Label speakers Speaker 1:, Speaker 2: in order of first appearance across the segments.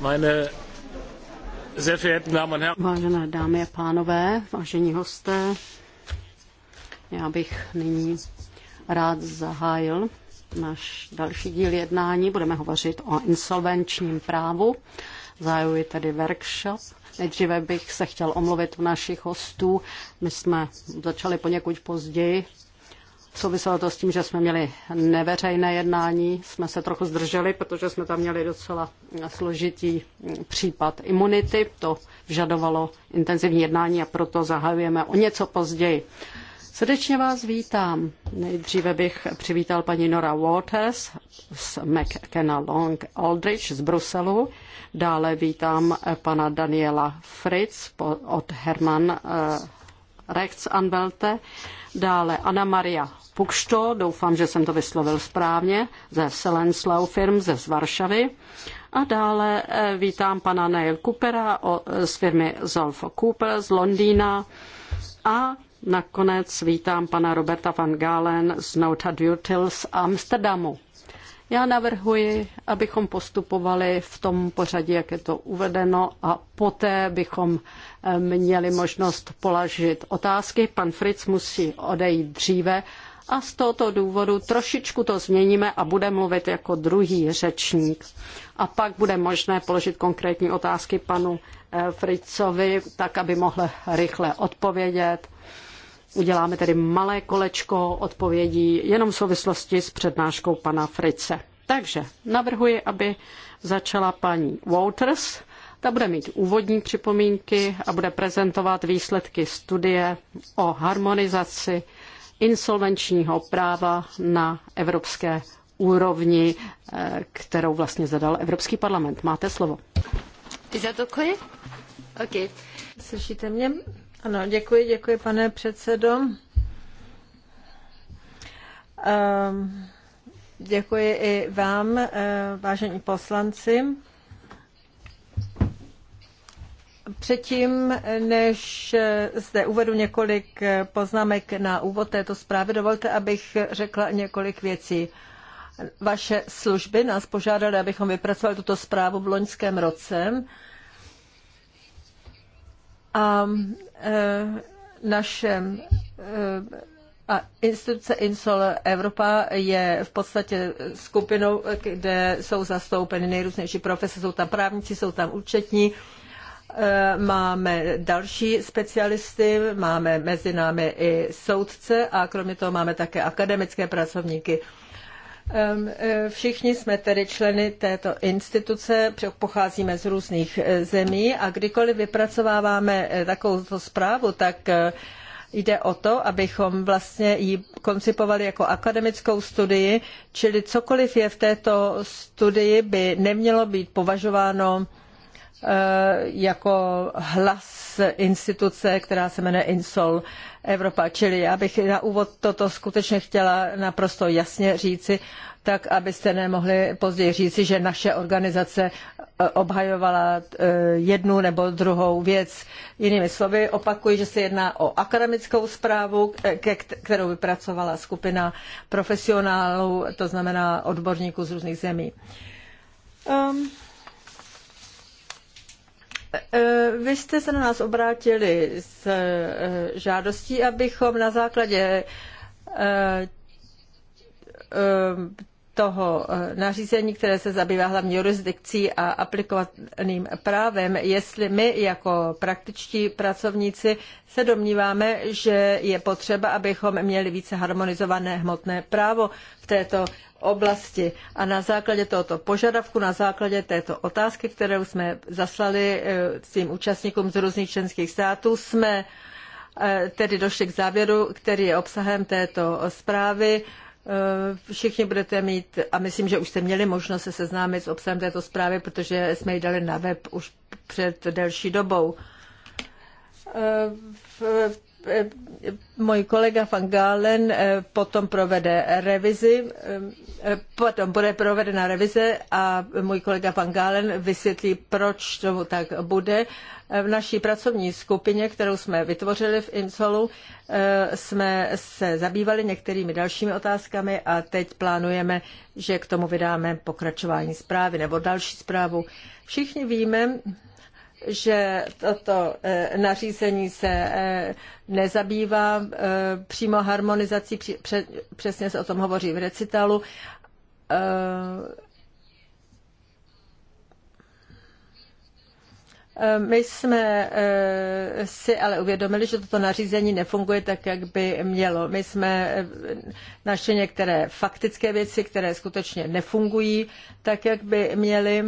Speaker 1: Meine sehr verehrten Damen und Herren. Vážené dámy a pánové, vážení hosté, já bych nyní rád zahájil náš další díl jednání. Budeme hovořit o insolvenčním právu. Zahajuji tedy workshop. Nejdříve bych se chtěl omluvit u našich hostů. My jsme začali poněkud později, Souviselo to s tím, že jsme měli neveřejné jednání, jsme se trochu zdrželi, protože jsme tam měli docela složitý případ imunity. To vyžadovalo intenzivní jednání a proto zahajujeme o něco později. Srdečně vás vítám. Nejdříve bych přivítal paní Nora Waters z McKenna Long Aldrich z Bruselu. Dále vítám pana Daniela Fritz od Herman eh, Rex Anbelte, dále Anna Maria Pukšto, doufám, že jsem to vyslovil správně, ze Selenslau firm ze z Varšavy. A dále eh, vítám pana Neil Coopera eh, z firmy Zolfo Cooper z Londýna a nakonec vítám pana Roberta van Galen z Nota Dutils z Amsterdamu. Já navrhuji, abychom postupovali v tom pořadí, jak je to uvedeno, a poté bychom eh, měli možnost položit otázky. Pan Fritz musí odejít dříve a z tohoto důvodu trošičku to změníme a bude mluvit jako druhý řečník. A pak bude možné položit konkrétní otázky panu eh, Fritzovi, tak aby mohl rychle odpovědět Uděláme tedy malé kolečko odpovědí jenom v souvislosti s přednáškou pana Frice. Takže navrhuji, aby začala paní Walters, Ta bude mít úvodní připomínky a bude prezentovat výsledky studie o harmonizaci insolvenčního práva na evropské úrovni, eh, kterou vlastně zadal Evropský parlament. Máte slovo.
Speaker 2: Ty za to Okay. Slyšíte mě? Ano, děkuji, děkuji, pane předsedo. Ehm, děkuji i vám, eh, vážení poslanci. Předtím, než eh, zde uvedu několik eh, poznámek na úvod této zprávy, dovolte, abych řekla několik věcí. Vaše služby nás požádaly, abychom vypracovali tuto zprávu v loňském roce a e, našem e, a instituce Insol Evropa je v podstatě skupinou, kde jsou zastoupeny nejrůznější profese, jsou tam právníci, jsou tam účetní, e, máme další specialisty, máme mezi námi i soudce a kromě toho máme také akademické pracovníky. Ehm, eh, všichni jsme tedy členy této instituce, pocházíme z různých eh, zemí a kdykoliv vypracováváme eh, takovouto zprávu, tak jde o to, abychom vlastně ji koncipovali jako akademickou studii, čili cokoliv je v této studii by nemělo být považováno Eh, jako hlas instituce, která se jmenuje Insol Evropa. Čili já bych na úvod toto skutečně chtěla naprosto jasně říci, tak abyste nemohli později říci, že naše organizace eh, obhajovala eh, jednu nebo druhou věc. Jinými slovy, opakuji, že se jedná o akademickou zprávu, kterou vypracovala skupina profesionálů, to znamená odborníků z různých zemí. Um. Eh, eh, vy jste se na nás obrátili s eh, žádostí, abychom na základě toho eh, nařízení, které se zabývá hlavně jurisdikcí a aplikovaným právem, jestli my jako praktičtí pracovníci se domníváme, že je potřeba, abychom měli více harmonizované hmotné právo v této oblasti. A na základě tohoto požadavku, na základě této otázky, kterou jsme zaslali eh, svým účastníkům z různých členských států, jsme eh, tedy došli k závěru, který je obsahem této zprávy. Eh, všichni budete mít, a myslím, že už jste měli možnost se seznámit s obsahem této zprávy, protože jsme ji dali na web už před delší dobou. Eh, Eh, můj kolega Van Galen eh, potom provede revizi, eh, potom bude provedena revize a můj kolega Van Galen vysvětlí, proč to tak bude. V naší pracovní skupině, kterou jsme vytvořili v Insolu, jsme se zabývali některými dalšími otázkami a teď plánujeme, že k tomu vydáme pokračování zprávy nebo další zprávu. Všichni víme, že toto e, nařízení se e, nezabývá e, přímo harmonizací, přesně se o tom hovoří v recitalu. My jsme si ale uvědomili, že toto nařízení nefunguje tak, jak by mělo. My jsme našli některé faktické věci, které skutečně nefungují tak, jak by měly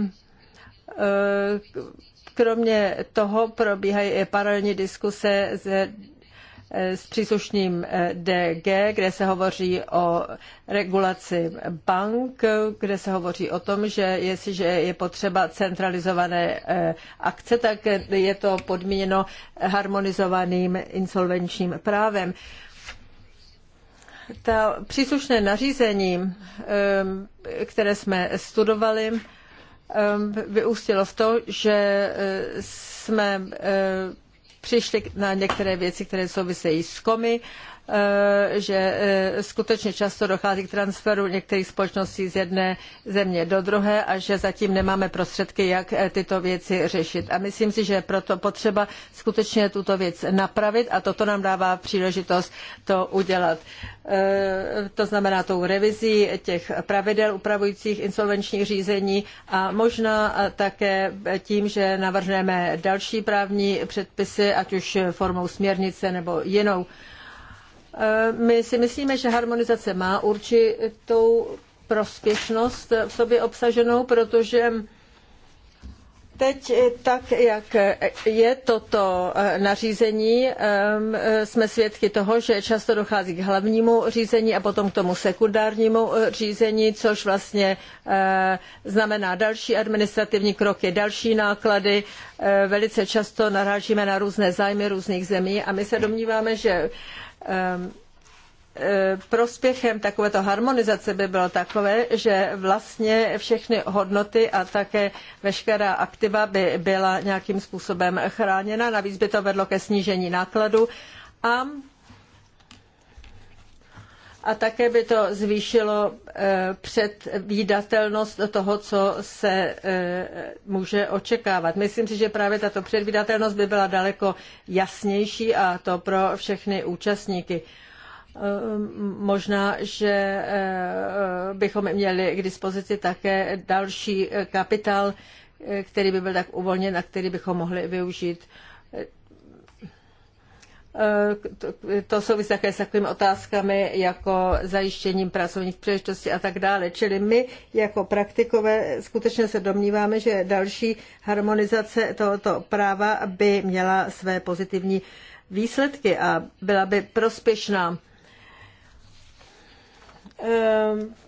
Speaker 2: Kromě toho probíhají i paralelní diskuse s, eh, s příslušným eh, DG, kde se hovoří o regulaci bank, kde se hovoří o tom, že jestliže je potřeba centralizované eh, akce, tak je to podmíněno harmonizovaným insolvenčním právem. Ta příslušné nařízení, které jsme studovali, Ehm, vyústilo v to, že eh, jsme eh, přišli na některé věci, které souvisejí s komy Eh, že eh, skutečně často dochází k transferu některých společností z jedné země do druhé a že zatím nemáme prostředky, jak eh, tyto věci řešit. A myslím si, že je proto potřeba skutečně tuto věc napravit a toto nám dává příležitost to udělat. To znamená tou revizí těch pravidel upravujících insolvenční řízení a možná také tím, že navrhneme další právní předpisy, ať už formou směrnice nebo jinou. Eh, my si myslíme, že harmonizace má určitou prospěšnost v sobě obsaženou, protože teď tak, jak je toto eh, nařízení, eh, jsme svědky toho, že často dochází k hlavnímu řízení a potom k tomu sekundárnímu řízení, což vlastně znamená další administrativní kroky, další náklady. Velice často narážíme na různé zájmy různých zemí a my se domníváme, že Ehm, ehm, prospěchem takovéto harmonizace by bylo takové, že vlastně všechny hodnoty a také veškerá aktiva by byla nějakým způsobem chráněna. Navíc by to vedlo ke snížení nákladů a a také by to zvýšilo eh, předvídatelnost toho, co se eh, může očekávat. Myslím si, že právě tato předvídatelnost by byla daleko jasnější a to pro všechny účastníky. Eh, možná, že bychom měli k dispozici také další kapitál, který by byl tak uvolněn a který bychom mohli využít. Eh, to souvisí také s takovými otázkami jako zajištěním pracovních příležitostí a tak dále. Čili my jako praktikové skutečně se domníváme, že další harmonizace tohoto práva by měla své pozitivní výsledky a byla by prospěšná. Eh,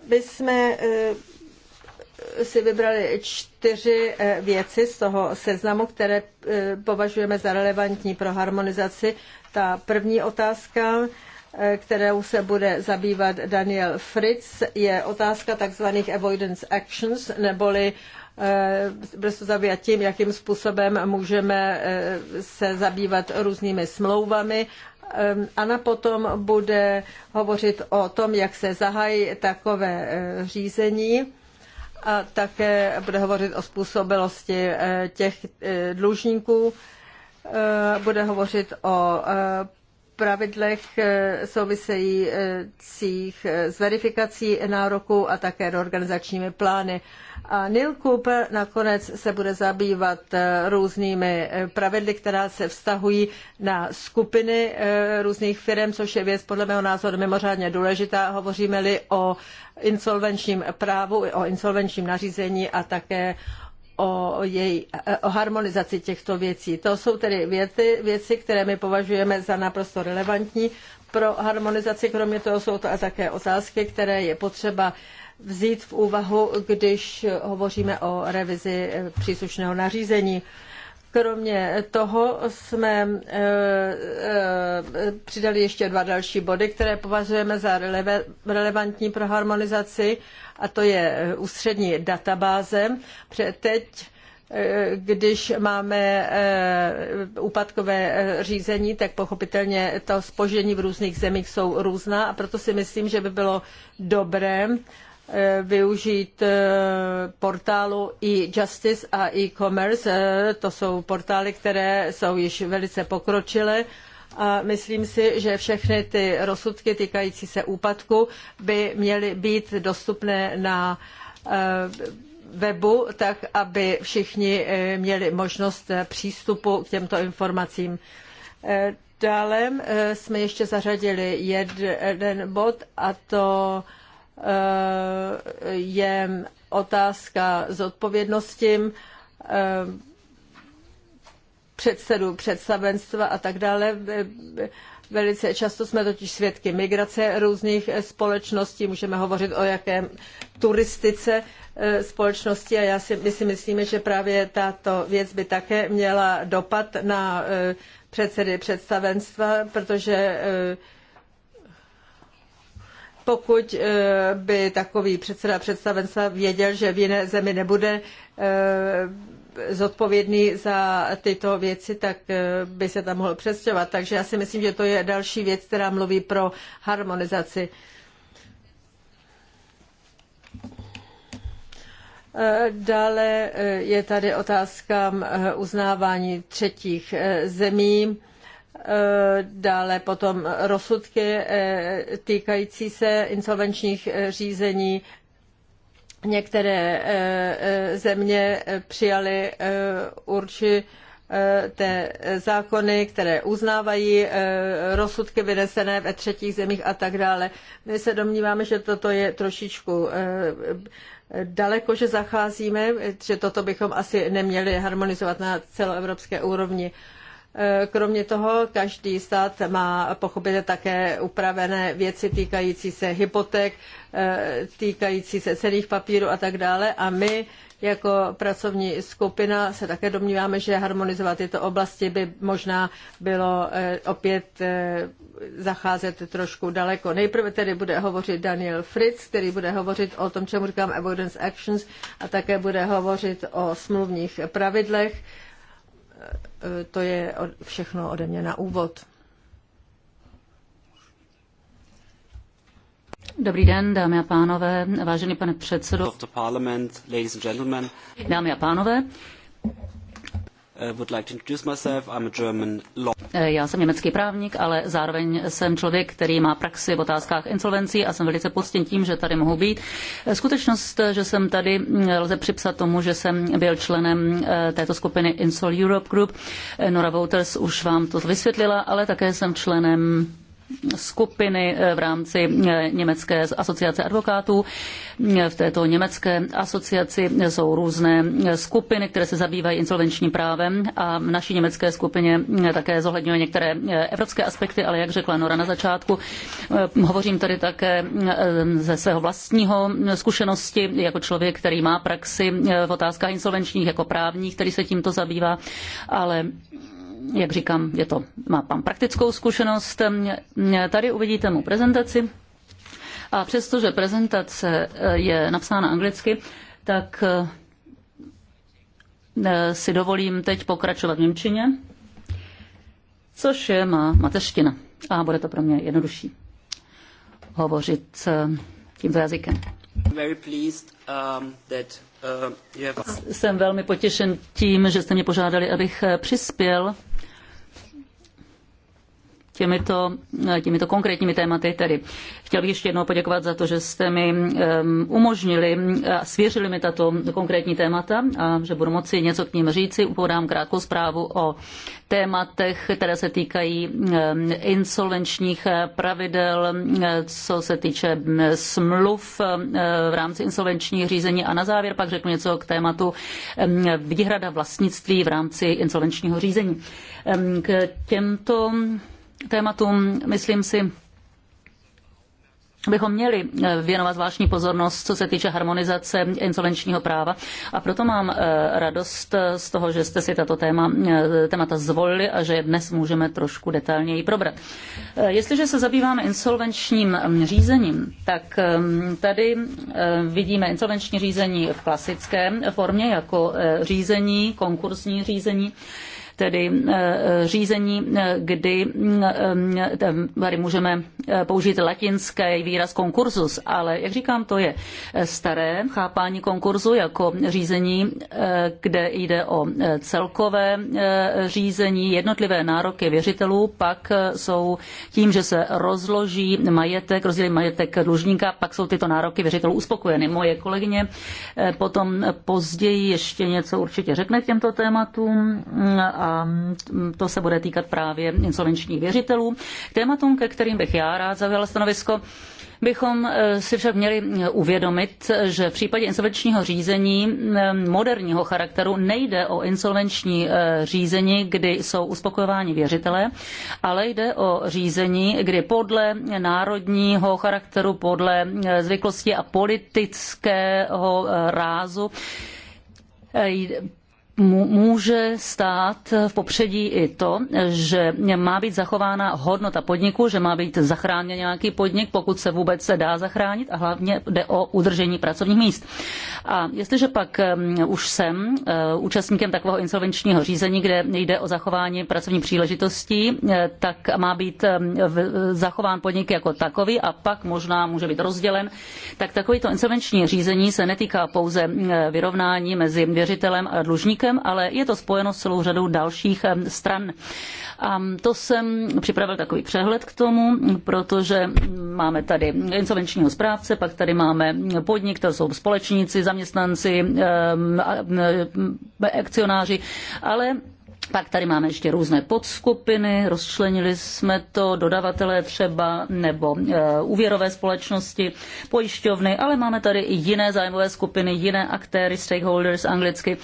Speaker 2: my jsme eh, si vybrali čtyři věci z toho seznamu, které považujeme za relevantní pro harmonizaci ta první otázka, eh, kterou se bude zabývat Daniel Fritz, je otázka tzv. avoidance actions, neboli eh, bude se zabývat tím, jakým způsobem můžeme eh, se zabývat různými smlouvami. Ana potom bude hovořit o tom, jak se zahájí takové řízení a také bude hovořit o způsobilosti těch dlužníků, Eh, bude hovořit o eh, pravidlech eh, souvisejících s verifikací nároku a také reorganizačními plány. A Neil Cooper nakonec se bude zabývat různými pravidly, která se vztahují na skupiny různých firm, což je věc podle mého názoru mimořádně důležitá. Hovoříme-li o insolvenčním právu, o insolvenčním nařízení a také o, její, o harmonizaci těchto věcí. To jsou tedy věty, věci, které my považujeme za naprosto relevantní pro harmonizaci. Kromě toho jsou to a také otázky, které je potřeba vzít v úvahu, když hovoříme o revizi příslušného nařízení. Kromě toho jsme eh, eh, přidali ještě dva další body, které považujeme za relevantní pro harmonizaci, a to je eh, ústřední databáze. Teď když máme úpadkové řízení, tak pochopitelně to spožení v různých zemích jsou různá a proto si myslím, že by bylo dobré Eh, využít eh, portálu e-justice a e-commerce. Eh, to jsou portály, které jsou již velice pokročilé a myslím si, že všechny ty rozsudky týkající se úpadku by měly být dostupné na webu, tak aby všichni měli možnost přístupu k těmto informacím. Dále jsme ještě zařadili jeden bod a to Eh, je otázka zodpovědnosti eh, předsedů představenstva a tak dále. Velice často jsme totiž svědky migrace různých společností, můžeme hovořit o jaké turistice eh, společnosti a já si, my si myslíme, že právě tato věc by také měla dopad na předsedy představenstva, protože pokud eh, by takový předseda představenstva věděl, že v jiné zemi nebude eh, zodpovědný za tyto věci, tak eh, by se tam mohl přestěhovat. Takže já si myslím, že to je další věc, která mluví pro harmonizaci. Dále je tady otázka uznávání třetích zemí Eh, dále potom rozsudky eh, týkající se insolvenčních eh, řízení. Některé země přijaly určité zákony, které uznávají rozsudky vynesené ve třetích zemích a tak dále. My se domníváme, že toto je trošičku daleko, že zacházíme, že toto bychom asi neměli harmonizovat na celoevropské úrovni. Eh, kromě toho každý stát má pochopitelně také upravené věci týkající se hypoték, eh, týkající se cených papírů a tak dále a my jako pracovní skupina se také domníváme, že harmonizovat tyto oblasti by možná bylo eh, opět zacházet trošku daleko. Nejprve tedy bude hovořit Daniel Fritz, který bude hovořit o tom, čemu říkám avoidance actions a také bude hovořit o smluvních pravidlech Eh, to je všechno ode mě na úvod.
Speaker 3: Dobrý den, dámy a pánové, vážený pane předsedo. Dámy a pánové,
Speaker 1: Uh, eh, já jsem
Speaker 3: německý právník, ale zároveň jsem člověk, který má praxi v otázkách insolvencí a jsem velice poctěn tím, že tady mohu být. Eh, skutečnost, eh, že jsem tady, mm, lze připsat tomu, že jsem byl členem této skupiny Insol Europe Group. Nora Wouters už vám to vysvětlila, ale také jsem členem skupiny eh, v rámci eh, Německé asociace advokátů. Eh, v této německé asociaci jsou různé skupiny, které se zabývají insolvenčním právem a v naší německé skupině také zohledňuje některé evropské aspekty, ale jak řekla Nora na začátku, hovořím tady také ze svého vlastního zkušenosti jako člověk, který má praxi v otázkách insolvenčních jako právník, který se tímto zabývá, ale jak říkám, je to, má tam praktickou zkušenost. Tady uvidíte mu prezentaci. A přestože prezentace eh, je napsána anglicky, tak eh, si dovolím teď pokračovat v Němčině, což je má mateřština. A bude to pro mě jednodušší hovořit eh, tímto jazykem.
Speaker 1: Um, uh,
Speaker 3: Jsem velmi potěšen tím, že jste mě požádali, abych přispěl těmito, eh, těmito konkrétními tématy tedy. Chtěl bych ještě jednou poděkovat za to, že jste mi ehm, umožnili eh, a svěřili mi tato konkrétní témata a že budu moci něco k ním říci. Upodám krátkou zprávu o tématech, které se týkají ehm, insolvenčních eh, pravidel, co se týče mm, smluv v rámci insolvenčních řízení a na závěr pak řeknu něco k tématu ehm, výhrada vlastnictví v rámci insolvenčního řízení. K těmto tématům, myslím si, bychom měli eh, věnovat zvláštní pozornost, co se týče harmonizace insolvenčního práva. A proto mám eh, radost eh, z toho, že jste si tato téma, témata zvolili a že je dnes můžeme trošku detailněji probrat. Jestliže se zabýváme insolvenčním mm, řízením, tak mm, tady vidíme insolvenční řízení v klasické formě jako řízení, konkursní řízení tedy eh, eh, řízení, eh, kdy tady můžeme použít latinský výraz konkursus, ale jak říkám, to je staré chápání konkurzu jako řízení, kde jde o celkové řízení, jednotlivé nároky věřitelů, pak jsou tím, že se rozloží majetek, rozdělí majetek dlužníka, pak jsou tyto nároky věřitelů uspokojeny. Moje kolegyně potom později ještě něco určitě řekne k těmto tématům mm, a Ehm, to se bude týkat právě insolvenčních věřitelů. K tématům, ke kterým bych já rád zavěla stanovisko, bychom eh, si však měli eh, uvědomit, že v případě insolvenčního řízení ehm, moderního charakteru nejde o insolvenční eh, řízení, kdy jsou uspokojováni věřitelé, ale jde o řízení, kdy podle národního charakteru, podle zvyklosti a politického rázu může stát v popředí i to, že má být zachována hodnota podniku, že má být zachráněn nějaký podnik, pokud se vůbec se dá zachránit a hlavně jde o udržení pracovních míst. A jestliže pak už jsem e, účastníkem takového insolvenčního řízení, kde jde o zachování pracovní příležitostí, e, tak má být zachován podnik jako takový a pak možná může být rozdělen, tak takovýto insolvenční řízení se netýká pouze e, vyrovnání mezi věřitelem a dlužníkem, celkem, ale je to spojeno s celou řadou dalších stran. A to jsem připravil takový přehled k tomu, protože máme tady insolvenčního správce, pak tady máme podnik, to jsou společníci, zaměstnanci, akcionáři, ale pak tady máme ještě různé podskupiny, rozčlenili jsme to, dodavatelé třeba nebo e, úvěrové společnosti, pojišťovny, ale máme tady i jiné zájmové skupiny, jiné aktéry, stakeholders anglicky.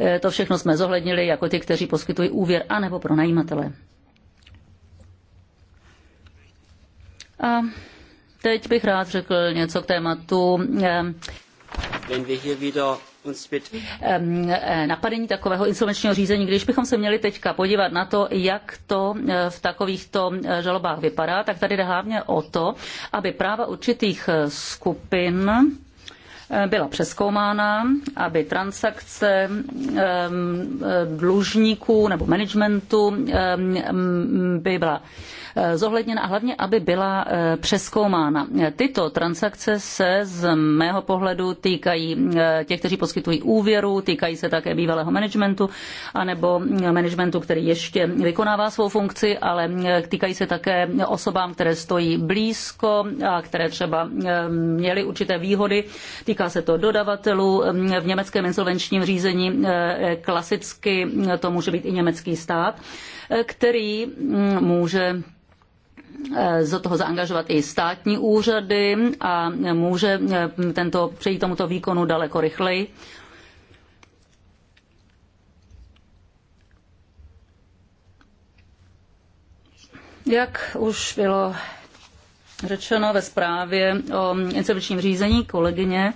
Speaker 3: E, to všechno jsme zohlednili jako ty, kteří poskytují úvěr anebo pro najímatele. A teď bych rád řekl něco k tématu. E, Ehm, eh, napadení takového insolvenčního řízení, když bychom se měli teďka podívat na to, jak to eh, v takovýchto eh, žalobách vypadá, tak tady jde hlavně o to, aby práva určitých skupin byla přeskoumána, aby transakce ehm, dlužníků nebo managementu ehm, by byla Eh, zohledněna a hlavně, aby byla eh, přeskoumána. Tyto transakce se z mého pohledu týkají eh, těch, kteří poskytují úvěru, týkají se také bývalého managementu, anebo managementu, který ještě vykonává svou funkci, ale týkají se také osobám, které stojí blízko a které třeba měly určité výhody. Týká se to dodavatelů v německém insolvenčním řízení klasicky to může být i německý stát, který mm, může do eh, toho zaangažovat i státní úřady a může eh, tento, přejít tomuto výkonu daleko rychleji. Jak už bylo řečeno ve zprávě o insolvenčním řízení kolegyně,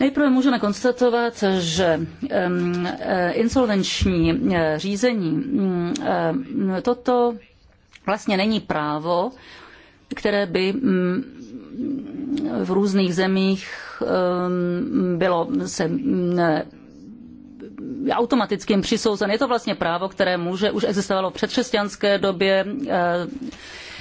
Speaker 3: Nejprve můžeme konstatovat, že eh, insolvenční řízení mm, toto vlastně není právo, které by mm, v různých zemích mm, bylo se mm, automatickým přisouzen. Je to vlastně právo, které může, už existovalo v předkřesťanské době, eh,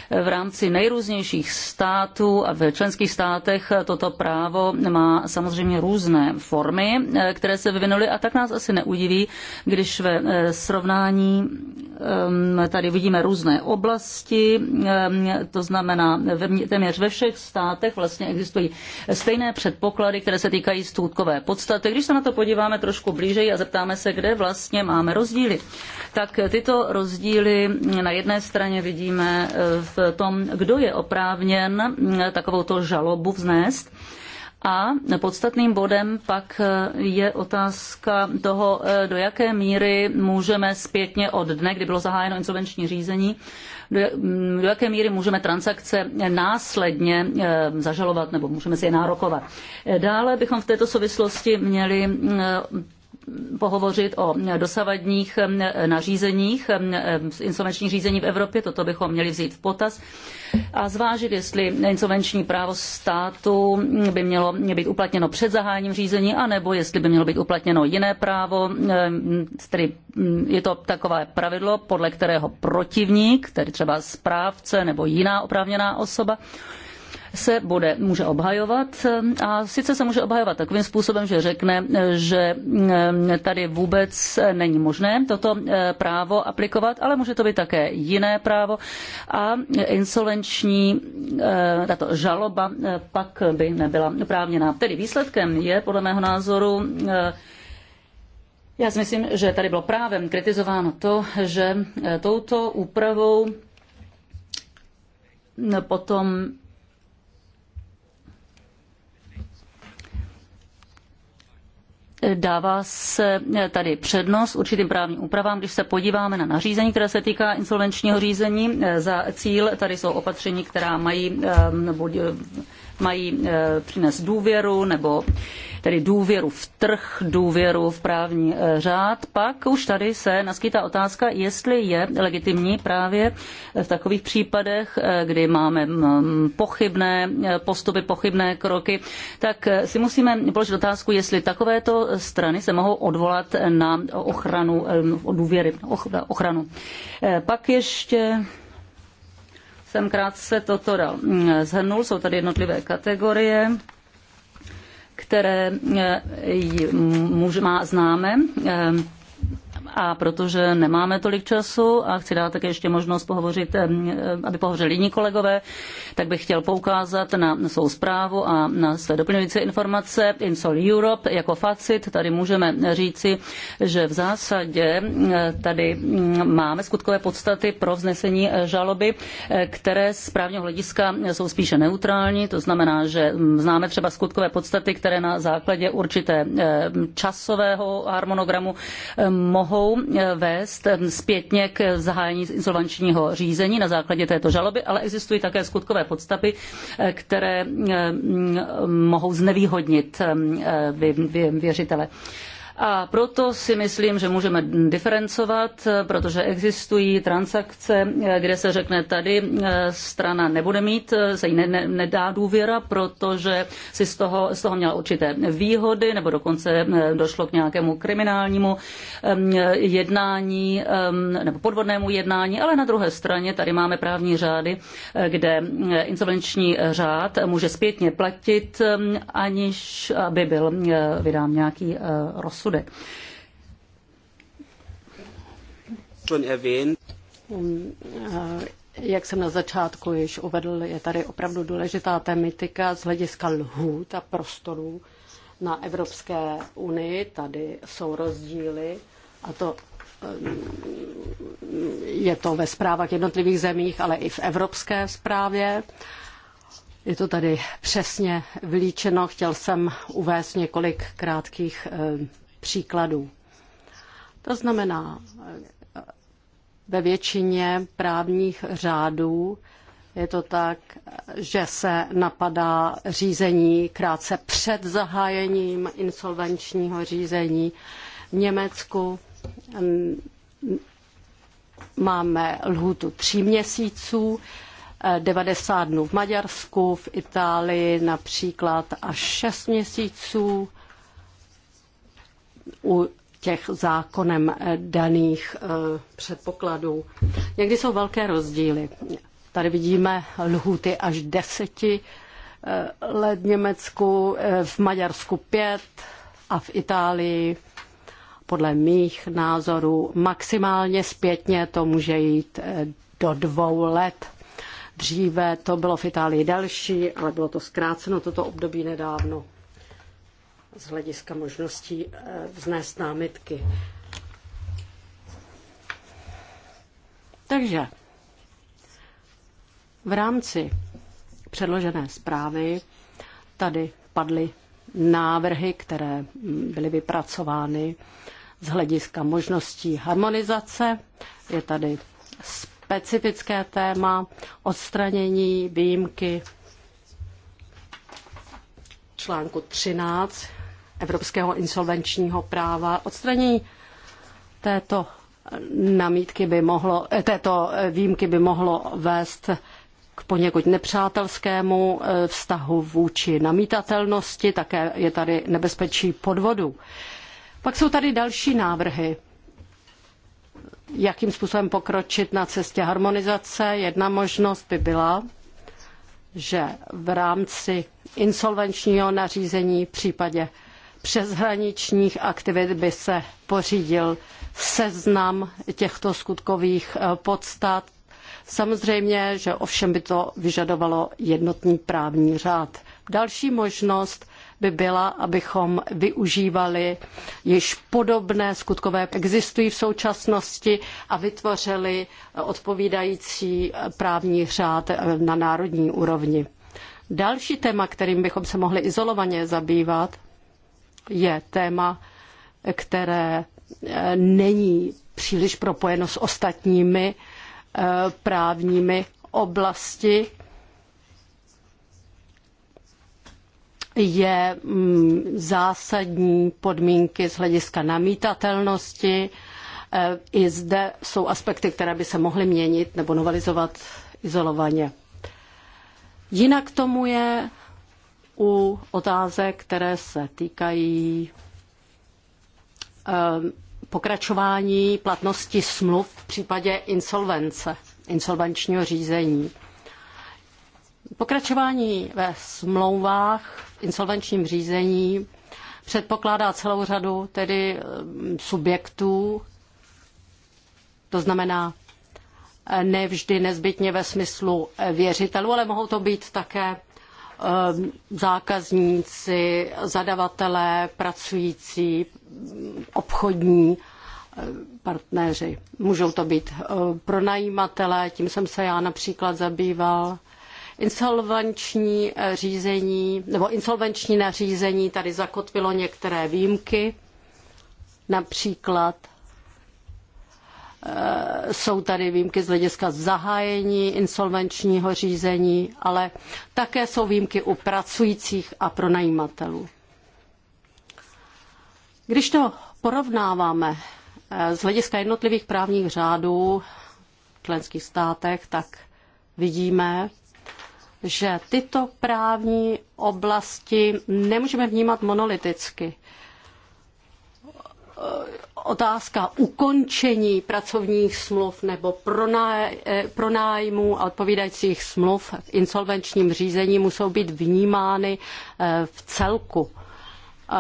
Speaker 3: v rámci nejrůznějších států a v členských státech toto právo má samozřejmě různé formy, eh, které se vyvinuly a tak nás asi neudiví, když ve eh, srovnání ehm, tady vidíme různé oblasti, ehm, to znamená téměř ve všech státech vlastně existují stejné předpoklady, které se týkají stůdkové podstaty. Když se na to podíváme trošku blíže a zeptáme se, kde vlastně máme rozdíly, tak tyto rozdíly na jedné straně vidíme eh, v tom, kdo je oprávněn takovouto žalobu vznést. A podstatným bodem pak je otázka toho, do jaké míry můžeme zpětně od dne, kdy bylo zahájeno insolvenční řízení, do, do jaké míry můžeme transakce následně eh, zažalovat nebo můžeme si je nárokovat. Dále bychom v této souvislosti měli eh, pohovořit o dosavadních nařízeních insolvenčních řízení v Evropě. Toto bychom měli vzít v potaz a zvážit, jestli insolvenční právo státu by mělo být uplatněno před zahájením řízení, anebo jestli by mělo být uplatněno jiné právo. Tedy je to takové pravidlo, podle kterého protivník, tedy třeba správce nebo jiná oprávněná osoba, se bude, může obhajovat a sice se může obhajovat takovým způsobem, že řekne, že mm, tady vůbec není možné toto eh, právo aplikovat, ale může to být také jiné právo a insolenční eh, tato žaloba eh, pak by nebyla oprávněná. Tedy výsledkem je podle mého názoru já si myslím, že tady bylo právem kritizováno to, že touto úpravou mm, potom Dává se tady přednost určitým právním úpravám, když se podíváme na nařízení, které se týká insolvenčního řízení. Eh, za cíl tady jsou opatření, která mají, eh, nebo, eh, mají přinést důvěru nebo tedy důvěru v trh, důvěru v právní eh, řád, pak už tady se naskytá otázka, jestli je legitimní právě v takových případech, eh, kdy máme mm, pochybné eh, postupy, pochybné kroky, tak si musíme položit otázku, jestli takovéto strany se mohou odvolat na ochranu důvěry, ochranu. Pak ještě jsem krátce toto dal. Mm, zhrnul, jsou tady jednotlivé kategorie které eh, má známe eh, a protože nemáme tolik času a chci dát také ještě možnost pohovořit, aby pohovořili jiní kolegové, tak bych chtěl poukázat na svou zprávu a na své doplňující informace. Insol Europe jako facit, tady můžeme říci, že v zásadě tady máme skutkové podstaty pro vznesení e, žaloby, e, které z právního hlediska jsou spíše neutrální, to znamená, že známe třeba skutkové podstaty, které na základě určité časového harmonogramu mohou mohou eh, vést eh, zpětně k zahájení insolvenčního řízení na základě této žaloby, ale existují také skutkové podstaty, eh, které mohou znevýhodnit věřitele. A proto si myslím, že můžeme diferencovat, protože existují transakce, kde se řekne tady e, strana nebude mít, e, se jí ne, ne, nedá důvěra, protože si z toho, z toho měla určité výhody, nebo dokonce e, došlo k nějakému kriminálnímu jednání nebo podvodnému jednání, ale na druhé straně tady máme právní řády, kde insolvenční řád může zpětně platit, aniž by byl vydán nějaký rozsudek rozsudek.
Speaker 1: Um, jak jsem na začátku již uvedl, je tady opravdu důležitá tematika z hlediska lhůt a prostorů na Evropské unii. Tady jsou rozdíly a to um, je to ve zprávách jednotlivých zemích, ale i v evropské zprávě. Je to tady přesně vylíčeno. Chtěl jsem uvést několik krátkých um, příkladů. To znamená, eh, ve většině právních řádů je to tak, že se napadá řízení krátce před zahájením insolvenčního řízení. V Německu mm, máme lhůtu tří měsíců, 90 eh, dnů v Maďarsku, v Itálii například až 6 měsíců u těch zákonem eh, daných eh, předpokladů. Někdy jsou velké rozdíly. Tady vidíme lhuty až deseti eh, let v Německu, v Maďarsku pět a v Itálii podle mých názorů maximálně zpětně to může jít do dvou let. Dříve to bylo v Itálii delší, ale bylo to zkráceno toto období nedávno z hlediska možností eh, vznést námitky. Takže v rámci předložené zprávy tady padly návrhy, které mm, byly vypracovány z hlediska možností harmonizace. Je tady specifické téma odstranění výjimky článku 13 evropského insolvenčního práva. Odstranění této namítky by mohlo, eh, této eh, výjimky by mohlo vést k poněkud nepřátelskému eh, vztahu vůči namítatelnosti, také je tady nebezpečí podvodu. Pak jsou tady další návrhy, jakým způsobem pokročit na cestě harmonizace. Jedna možnost by byla, že v rámci insolvenčního nařízení v případě přeshraničních aktivit by se pořídil seznam těchto skutkových eh, podstat. Samozřejmě, že ovšem by to vyžadovalo jednotný právní řád. Další možnost by byla, abychom využívali již podobné skutkové existují v současnosti a vytvořili odpovídající eh, právní řád eh, na národní úrovni. Další téma, kterým bychom se mohli izolovaně zabývat, je téma, které eh, není příliš propojeno s ostatními eh, právními oblasti. Je mm, zásadní podmínky z hlediska namítatelnosti. Eh, I zde jsou aspekty, které by se mohly měnit nebo novelizovat izolovaně. Jinak tomu je u otázek, které se týkají ehm, pokračování platnosti smluv v případě insolvence, insolvenčního řízení. Pokračování ve smlouvách v insolvenčním řízení předpokládá celou řadu tedy ehm, subjektů, to znamená eh, nevždy nezbytně ve smyslu eh, věřitelů, ale mohou to být také Ehm, zákazníci, zadavatelé, pracující, obchodní eh, partnéři. Můžou to být eh, pronajímatelé, tím jsem se já například zabýval. Insolvenční eh, řízení nebo insolvenční nařízení tady zakotvilo některé výjimky, například Eh, jsou tady výjimky z hlediska zahájení insolvenčního řízení, ale také jsou výjimky u pracujících a pronajímatelů. Když to porovnáváme eh, z hlediska jednotlivých právních řádů v členských státech, tak vidíme, že tyto právní oblasti nemůžeme vnímat monoliticky otázka ukončení pracovních smluv nebo eh, pronájmu pronájmů a odpovídajících smluv v insolvenčním řízení musou být vnímány eh, v celku. Eh,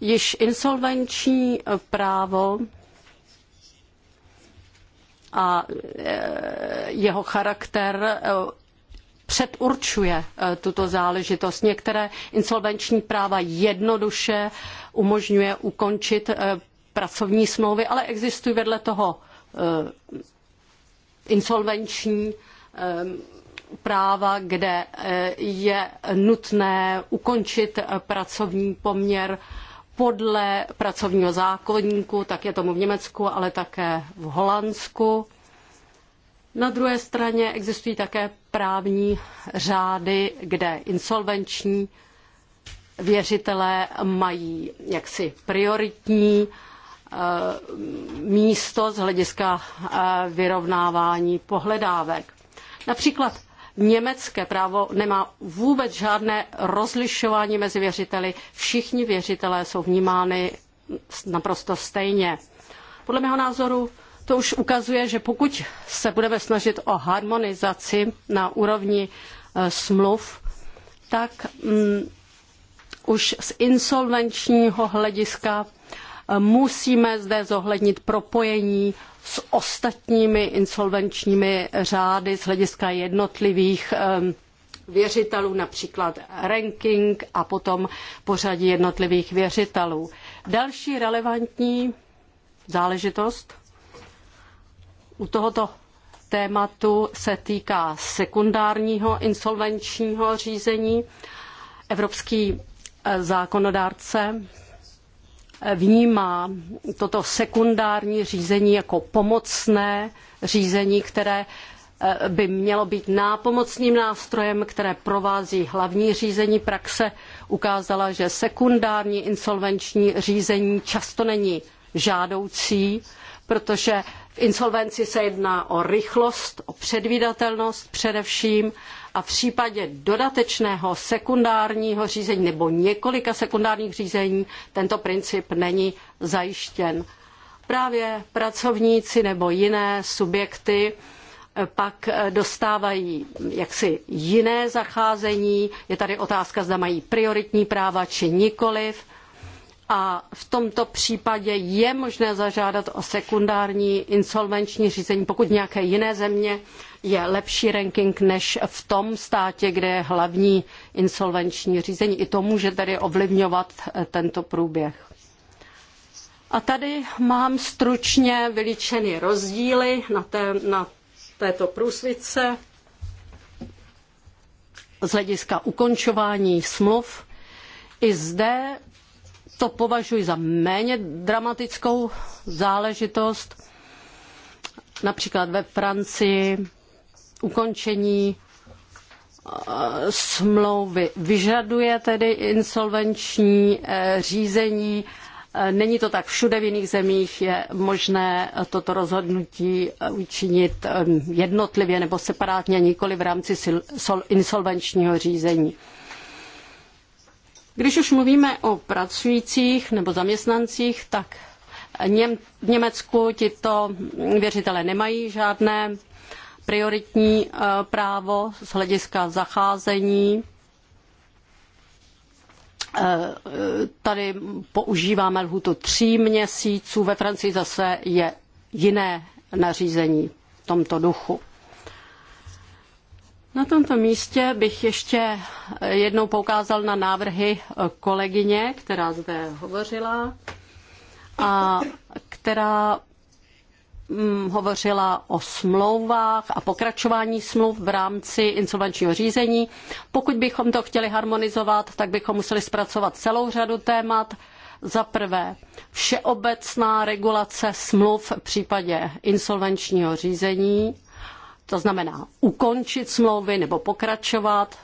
Speaker 1: již insolvenční právo a jeho charakter předurčuje tuto záležitost. Některé insolvenční práva jednoduše umožňuje ukončit pracovní smlouvy, ale existují vedle toho eh, insolvenční eh, práva, kde eh, je nutné ukončit pracovní poměr podle pracovního zákoníku, tak je tomu v Německu, ale také v Holandsku. Na druhé straně existují také právní řády, kde insolvenční věřitelé mají jaksi prioritní Eh, místo z hlediska eh, vyrovnávání pohledávek. Například německé právo nemá vůbec žádné rozlišování mezi věřiteli. Všichni věřitelé jsou vnímány naprosto stejně. Podle mého názoru to už ukazuje, že pokud se budeme snažit o harmonizaci na úrovni eh, smluv, tak mm, už z insolvenčního hlediska Musíme zde zohlednit propojení s ostatními insolvenčními řády z hlediska jednotlivých věřitelů, například ranking a potom pořadí jednotlivých věřitelů. Další relevantní záležitost u tohoto tématu se týká sekundárního insolvenčního řízení. Evropský eh, zákonodárce vnímá toto sekundární řízení jako pomocné řízení, které eh, by mělo být nápomocným nástrojem, které provází hlavní řízení. Praxe ukázala, že sekundární insolvenční řízení často není žádoucí, protože v insolvenci se jedná o rychlost, o předvídatelnost především a v případě dodatečného sekundárního řízení nebo několika sekundárních řízení tento princip není zajištěn. Právě pracovníci nebo jiné subjekty eh, pak eh, dostávají jaksi jiné zacházení. Je tady otázka, zda mají prioritní práva či nikoliv a v tomto případě je možné zažádat o sekundární insolvenční řízení, pokud nějaké jiné země je lepší ranking než v tom státě, kde je hlavní insolvenční řízení. I to může tedy ovlivňovat eh, tento průběh. A tady mám stručně vylíčeny rozdíly na, té, na této průsvitce z hlediska ukončování smluv. I zde to považuji za méně dramatickou záležitost. Například ve Francii ukončení eh, smlouvy vyžaduje tedy insolvenční eh, řízení. Eh, není to tak všude v jiných zemích, je možné toto rozhodnutí učinit jednotlivě nebo separátně, nikoli v rámci insolvenčního řízení. Když už mluvíme o pracujících nebo zaměstnancích, tak v Německu tito věřitele nemají žádné prioritní e, právo z hlediska zacházení. E, e, tady používáme lhutu tří měsíců, ve Francii zase je jiné nařízení v tomto duchu. Na tomto místě bych ještě jednou poukázal na návrhy kolegyně, která zde hovořila a která mm, hovořila o smlouvách a pokračování smluv v rámci insolvenčního řízení. Pokud bychom to chtěli harmonizovat, tak bychom museli zpracovat celou řadu témat. Za prvé, všeobecná regulace smluv v případě insolvenčního řízení to znamená ukončit smlouvy nebo pokračovat.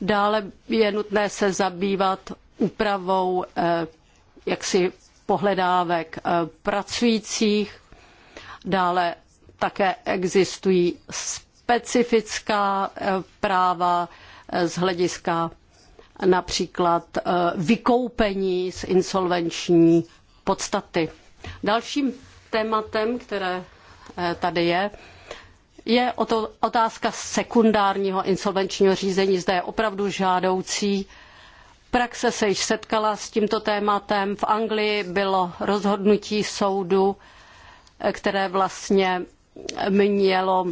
Speaker 1: Dále je nutné se zabývat úpravou eh, jaksi pohledávek eh, pracujících. Dále také existují specifická eh, práva z hlediska například vykoupení z insolvenční podstaty. Dalším tématem, které tady je, je o to otázka sekundárního insolvenčního řízení. Zde je opravdu žádoucí. Praxe se již setkala s tímto tématem. V Anglii bylo rozhodnutí soudu, které vlastně mělo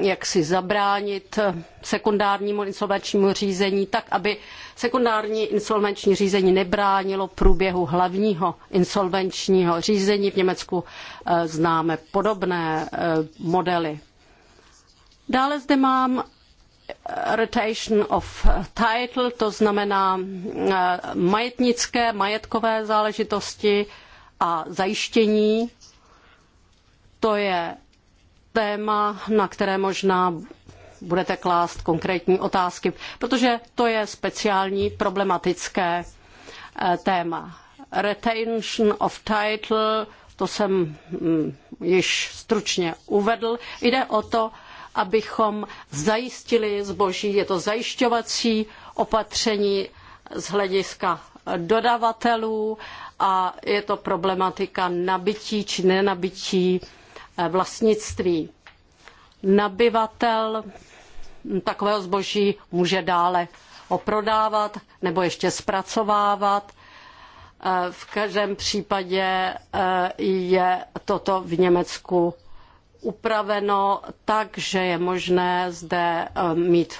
Speaker 1: jak si zabránit sekundárnímu insolvenčnímu řízení, tak aby sekundární insolvenční řízení nebránilo průběhu hlavního insolvenčního řízení. V Německu eh, známe podobné eh, modely. Dále zde mám eh, rotation of title, to znamená eh, majetnické, majetkové záležitosti a zajištění. To je téma, na které možná budete klást konkrétní otázky, protože to je speciální problematické eh, téma. Retention of title, to jsem hm, již stručně uvedl. Jde o to, abychom zajistili zboží. Je to zajišťovací opatření z hlediska dodavatelů a je to problematika nabití či nenabití eh, vlastnictví. Nabyvatel takového zboží může dále oprodávat nebo ještě zpracovávat. Eh, v každém případě eh, je toto v Německu upraveno tak, že je možné zde eh, mít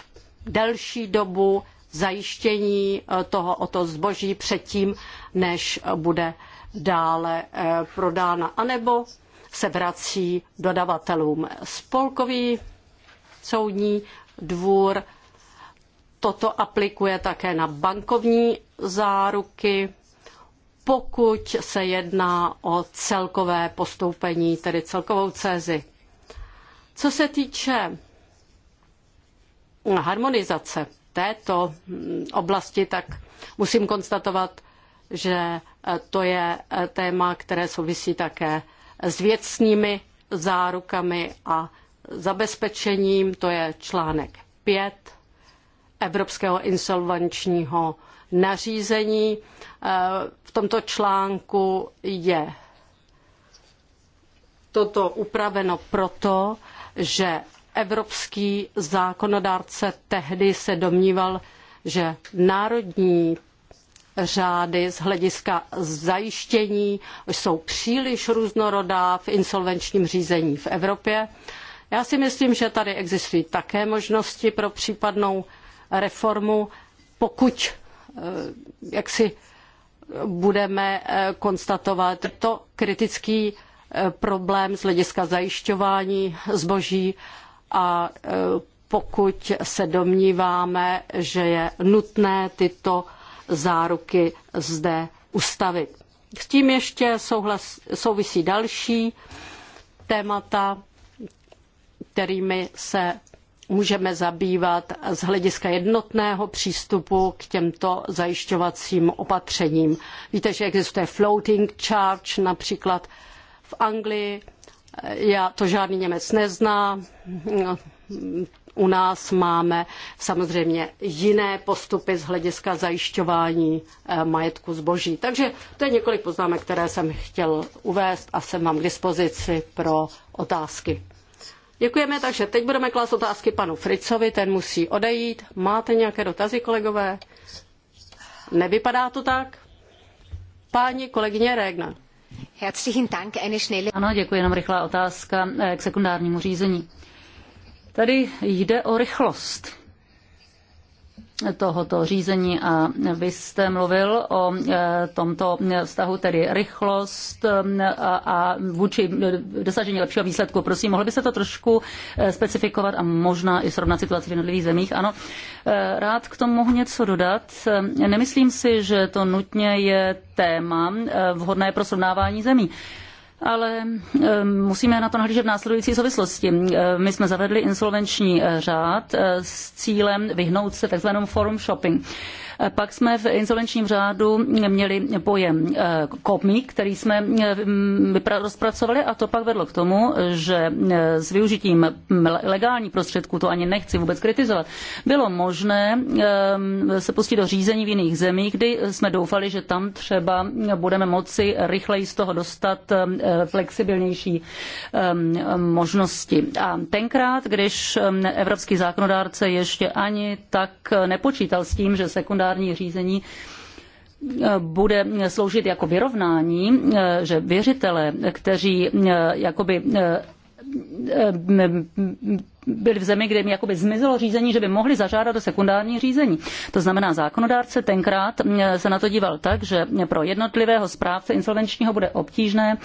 Speaker 1: delší dobu zajištění eh, tohoto zboží předtím, než bude dále eh, prodána, anebo se vrací dodavatelům. Spolkový soudní dvůr toto aplikuje také na bankovní záruky pokud se jedná o celkové postoupení, tedy celkovou cézi. Co se týče harmonizace této oblasti, tak musím konstatovat, že to je téma, které souvisí také s věcnými zárukami a zabezpečením. To je článek 5 Evropského insolvenčního nařízení eh, v tomto článku je toto upraveno proto, že evropský zákonodárce tehdy se domníval, že národní řády z hlediska zajištění jsou příliš různorodá v insolvenčním řízení v Evropě. Já si myslím, že tady existují také možnosti pro případnou reformu, pokud Eh, jak si budeme eh, konstatovat to kritický eh, problém z hlediska zajišťování zboží a pokud se domníváme, že je nutné tyto záruky zde ustavit. S tím ještě souhlas, souvisí další témata, kterými se můžeme zabývat z hlediska jednotného přístupu k těmto zajišťovacím opatřením. Víte, že existuje floating charge například v Anglii. Já to žádný Němec nezná. U nás máme samozřejmě jiné postupy z hlediska zajišťování eh, majetku zboží. Takže to je několik poznámek, které jsem chtěl uvést a jsem vám k dispozici pro otázky. Děkujeme, takže teď budeme klást otázky panu Fricovi, ten musí odejít. Máte nějaké dotazy, kolegové? Nevypadá to tak? Páni kolegyně Regna. Herzlichen Dank,
Speaker 3: eine schnelle... Ano, děkuji, jenom rychlá otázka eh, k sekundárnímu řízení. Tady jde o rychlost tohoto řízení a vy jste mluvil o e, tomto vztahu, tedy rychlost e, a vůči e, dosažení lepšího výsledku. Prosím, mohli by se to trošku specifikovat a možná i srovnat situaci v jednotlivých zemích? Ano, rád k tomu mohu něco dodat. Nemyslím si, že to nutně je téma vhodné pro srovnávání zemí ale musíme na to nahlížet v následující souvislosti. My jsme zavedli insolvenční eh, řád eh, s cílem vyhnout se takzvanému forum shopping. Pak jsme v insolvenčním řádu měli pojem eh, komik, který jsme eh, rozpracovali a to pak vedlo k tomu, že eh, s využitím mm, legální prostředků, to ani nechci vůbec kritizovat, bylo možné ehm, se pustit do řízení v jiných zemích, kdy jsme doufali, že tam třeba budeme moci rychleji z toho dostat flexibilnější ehm, možnosti. A tenkrát, když ehm, evropský zákonodárce ještě ani tak nepočítal s tím, že sekundární disciplinární řízení eh, bude sloužit jako vyrovnání, eh, že věřitele, kteří eh, jakoby Eh, byli v zemi, kde jim jakoby zmizelo řízení, že by mohli zažádat do sekundární řízení. To znamená, zákonodárce tenkrát eh, se na to díval tak, že pro jednotlivého správce insolvenčního bude obtížné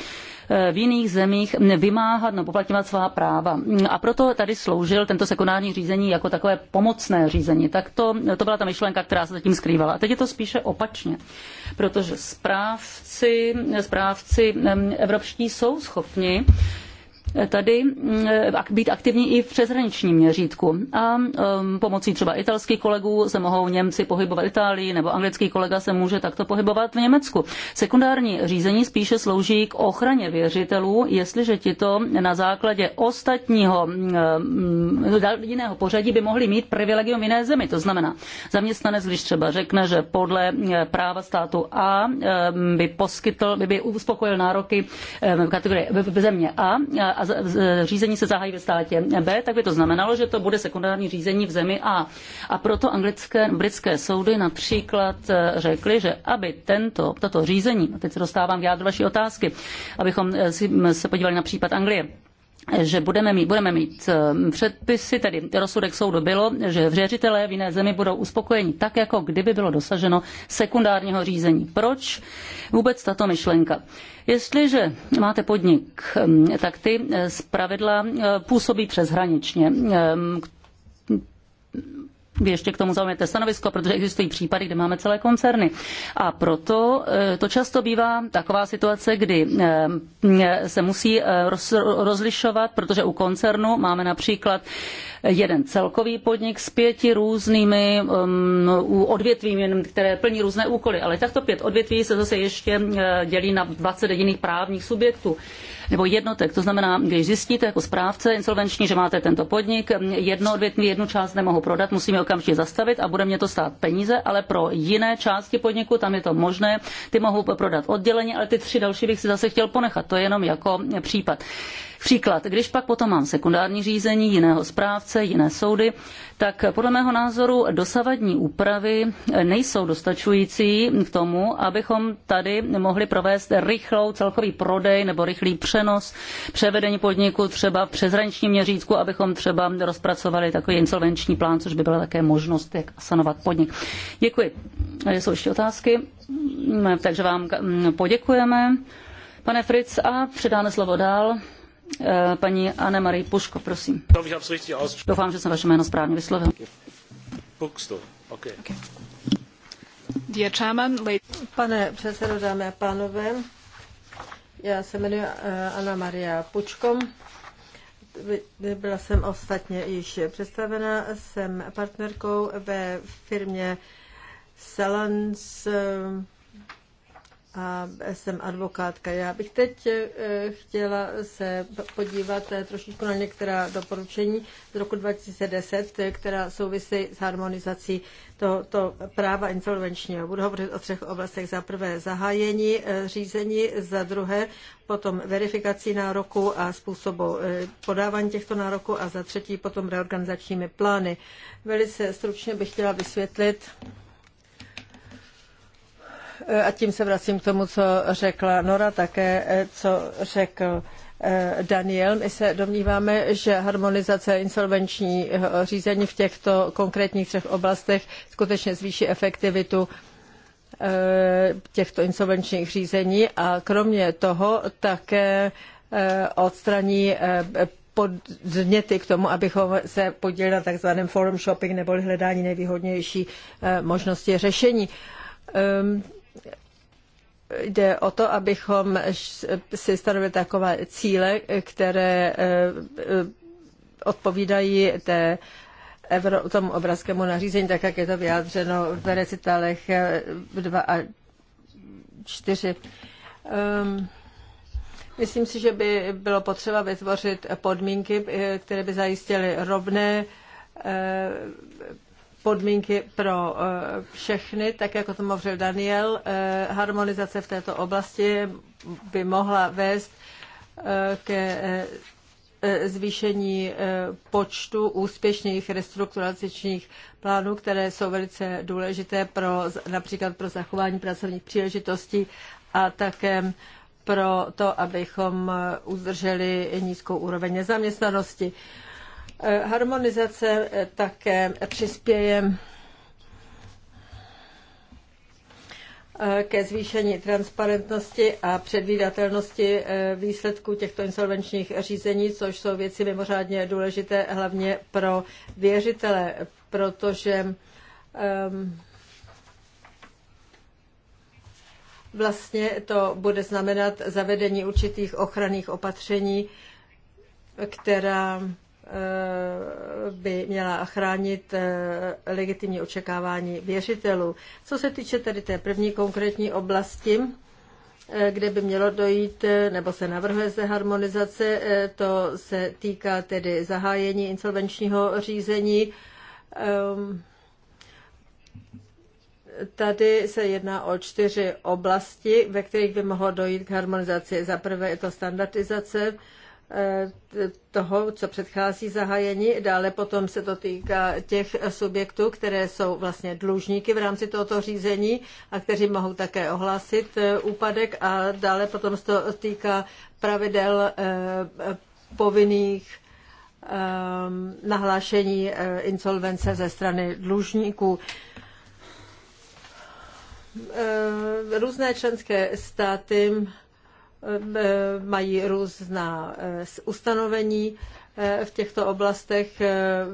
Speaker 3: eh, v jiných zemích vymáhat nebo poplatňovat svá práva. A proto tady sloužil tento sekundární řízení jako takové pomocné řízení. Tak to, to byla ta myšlenka, která se zatím skrývala. A teď je to spíše opačně, protože správci, správci evropští jsou schopni tady mm, být aktivní i v přeshraničním měřítku. A um, pomocí třeba italských kolegů se mohou Němci pohybovat v Itálii nebo anglický kolega se může takto pohybovat v Německu. Sekundární řízení spíše slouží k ochraně věřitelů, jestliže tito na základě ostatního mm, eh, jiného pořadí by mohli mít privilegium jiné zemi. To znamená, zaměstnanec, když třeba řekne, že podle eh, práva státu A eh, by poskytl, by, by uspokojil nároky v kategorii v země A a řízení se zahájí ve státě B, tak by to znamenalo, že to bude sekundární řízení v zemi A. A proto anglické, britské soudy například eh, řekly, že aby tento, toto řízení, a teď se dostávám k jádru vaší otázky, abychom eh, si, se podívali na případ Anglie, že budeme mít, budeme mít eh, předpisy, tedy rozsudek soudu bylo, že věřitelé v jiné zemi budou uspokojeni tak, jako kdyby bylo dosaženo sekundárního řízení. Proč vůbec tato myšlenka? Jestliže máte podnik, eh, tak ty eh, zpravidla působí přeshraničně vy ještě k tomu zaujmete stanovisko, protože existují případy, kde máme celé koncerny. A proto e, to často bývá taková situace, kdy e, se musí e, rozlišovat, protože u koncernu máme například jeden celkový podnik s pěti různými odvětvími, které plní různé úkoly. Ale takto pět odvětví se zase ještě dělí na 20 jediných právních subjektů nebo jednotek. To znamená, když zjistíte jako správce insolvenční, že máte tento podnik, jedno odvětví, jednu část nemohu prodat, musím ji okamžitě zastavit a bude mě to stát peníze, ale pro jiné části podniku tam je to možné, ty mohu prodat odděleně, ale ty tři další bych si zase chtěl ponechat. To je jenom jako případ. Příklad, když pak potom mám sekundární řízení jiného správce, jiné soudy, tak podle mého názoru dosavadní úpravy nejsou dostačující k tomu, abychom tady mohli provést rychlou celkový prodej nebo rychlý přenos, převedení podniku třeba v přeshraničním měřítku, abychom třeba rozpracovali takový insolvenční plán, což by byla také možnost, jak sanovat podnik. Děkuji. Jsou ještě otázky, takže vám poděkujeme. Pane Fritz, a předáme slovo dál Eh, paní Anne Marie Puško, prosím.
Speaker 2: Doufám, že jsem vaše jméno správně vyslovil. Pane předsedo, dámy a pánové, já se jmenuji eh, Anna Maria Pučkom. Byla jsem ostatně již představena. Jsem partnerkou ve firmě Salons eh, a jsem advokátka. Já bych teď eh, chtěla se podívat eh, trošičku na některá doporučení z roku 2010, eh, která souvisí s harmonizací tohoto práva insolvenčního. Budu hovořit o třech oblastech. Za prvé zahájení řízení, za druhé potom verifikací nároku a způsobu podávání těchto nároků a za třetí potom reorganizačními plány. Velice stručně bych chtěla vysvětlit, a tím se vracím k tomu, co řekla Nora, také eh, co řekl eh, Daniel. My se domníváme, že harmonizace insolvenční eh, řízení v těchto konkrétních třech oblastech skutečně zvýší efektivitu těchto insolvenčních řízení a kromě toho také odstraní podněty k tomu, abychom se podělili na tzv. forum shopping nebo hledání nejvýhodnější možnosti řešení. Ehm, jde o to, abychom si stanovili takové cíle, které eh, odpovídají té Evro, tomu obrazkému nařízení, tak jak je to vyjádřeno v recitálech 2 eh, a 4. Um, ehm, myslím si, že by bylo potřeba vytvořit podmínky, eh, které by zajistily rovné podmínky pro eh, všechny, tak jako to mluvil Daniel. Eh, harmonizace v této oblasti by mohla vést eh, ke zvýšení počtu úspěšných restrukturalizačních plánů, které jsou velice důležité pro například pro zachování pracovních příležitostí a také pro to, abychom udrželi nízkou úroveň nezaměstnanosti. Eh, harmonizace eh, také přispěje eh, ke zvýšení transparentnosti a předvídatelnosti výsledků těchto insolvenčních řízení, což jsou věci mimořádně důležité hlavně pro věřitele, protože um, vlastně to bude znamenat zavedení určitých ochranných opatření, která Eh, by měla chránit eh, legitimní očekávání věřitelů. Co se týče tedy té první konkrétní oblasti, eh, kde by mělo dojít, nebo se navrhuje zde harmonizace, to se týká tedy zahájení insolvenčního řízení. Ehm, tady se jedná o čtyři oblasti, ve kterých by mohlo dojít k harmonizaci. Za prvé je to standardizace, Eh, toho, co předchází zahájení. Dále potom se to týká těch subjektů, které jsou vlastně dlužníky v rámci tohoto řízení a kteří mohou také ohlásit eh, úpadek a dále potom se to týká pravidel eh, povinných nahlášení insolvence ze strany dlužníků různé členské státy Eh, mají různá eh, ustanovení eh, v těchto oblastech.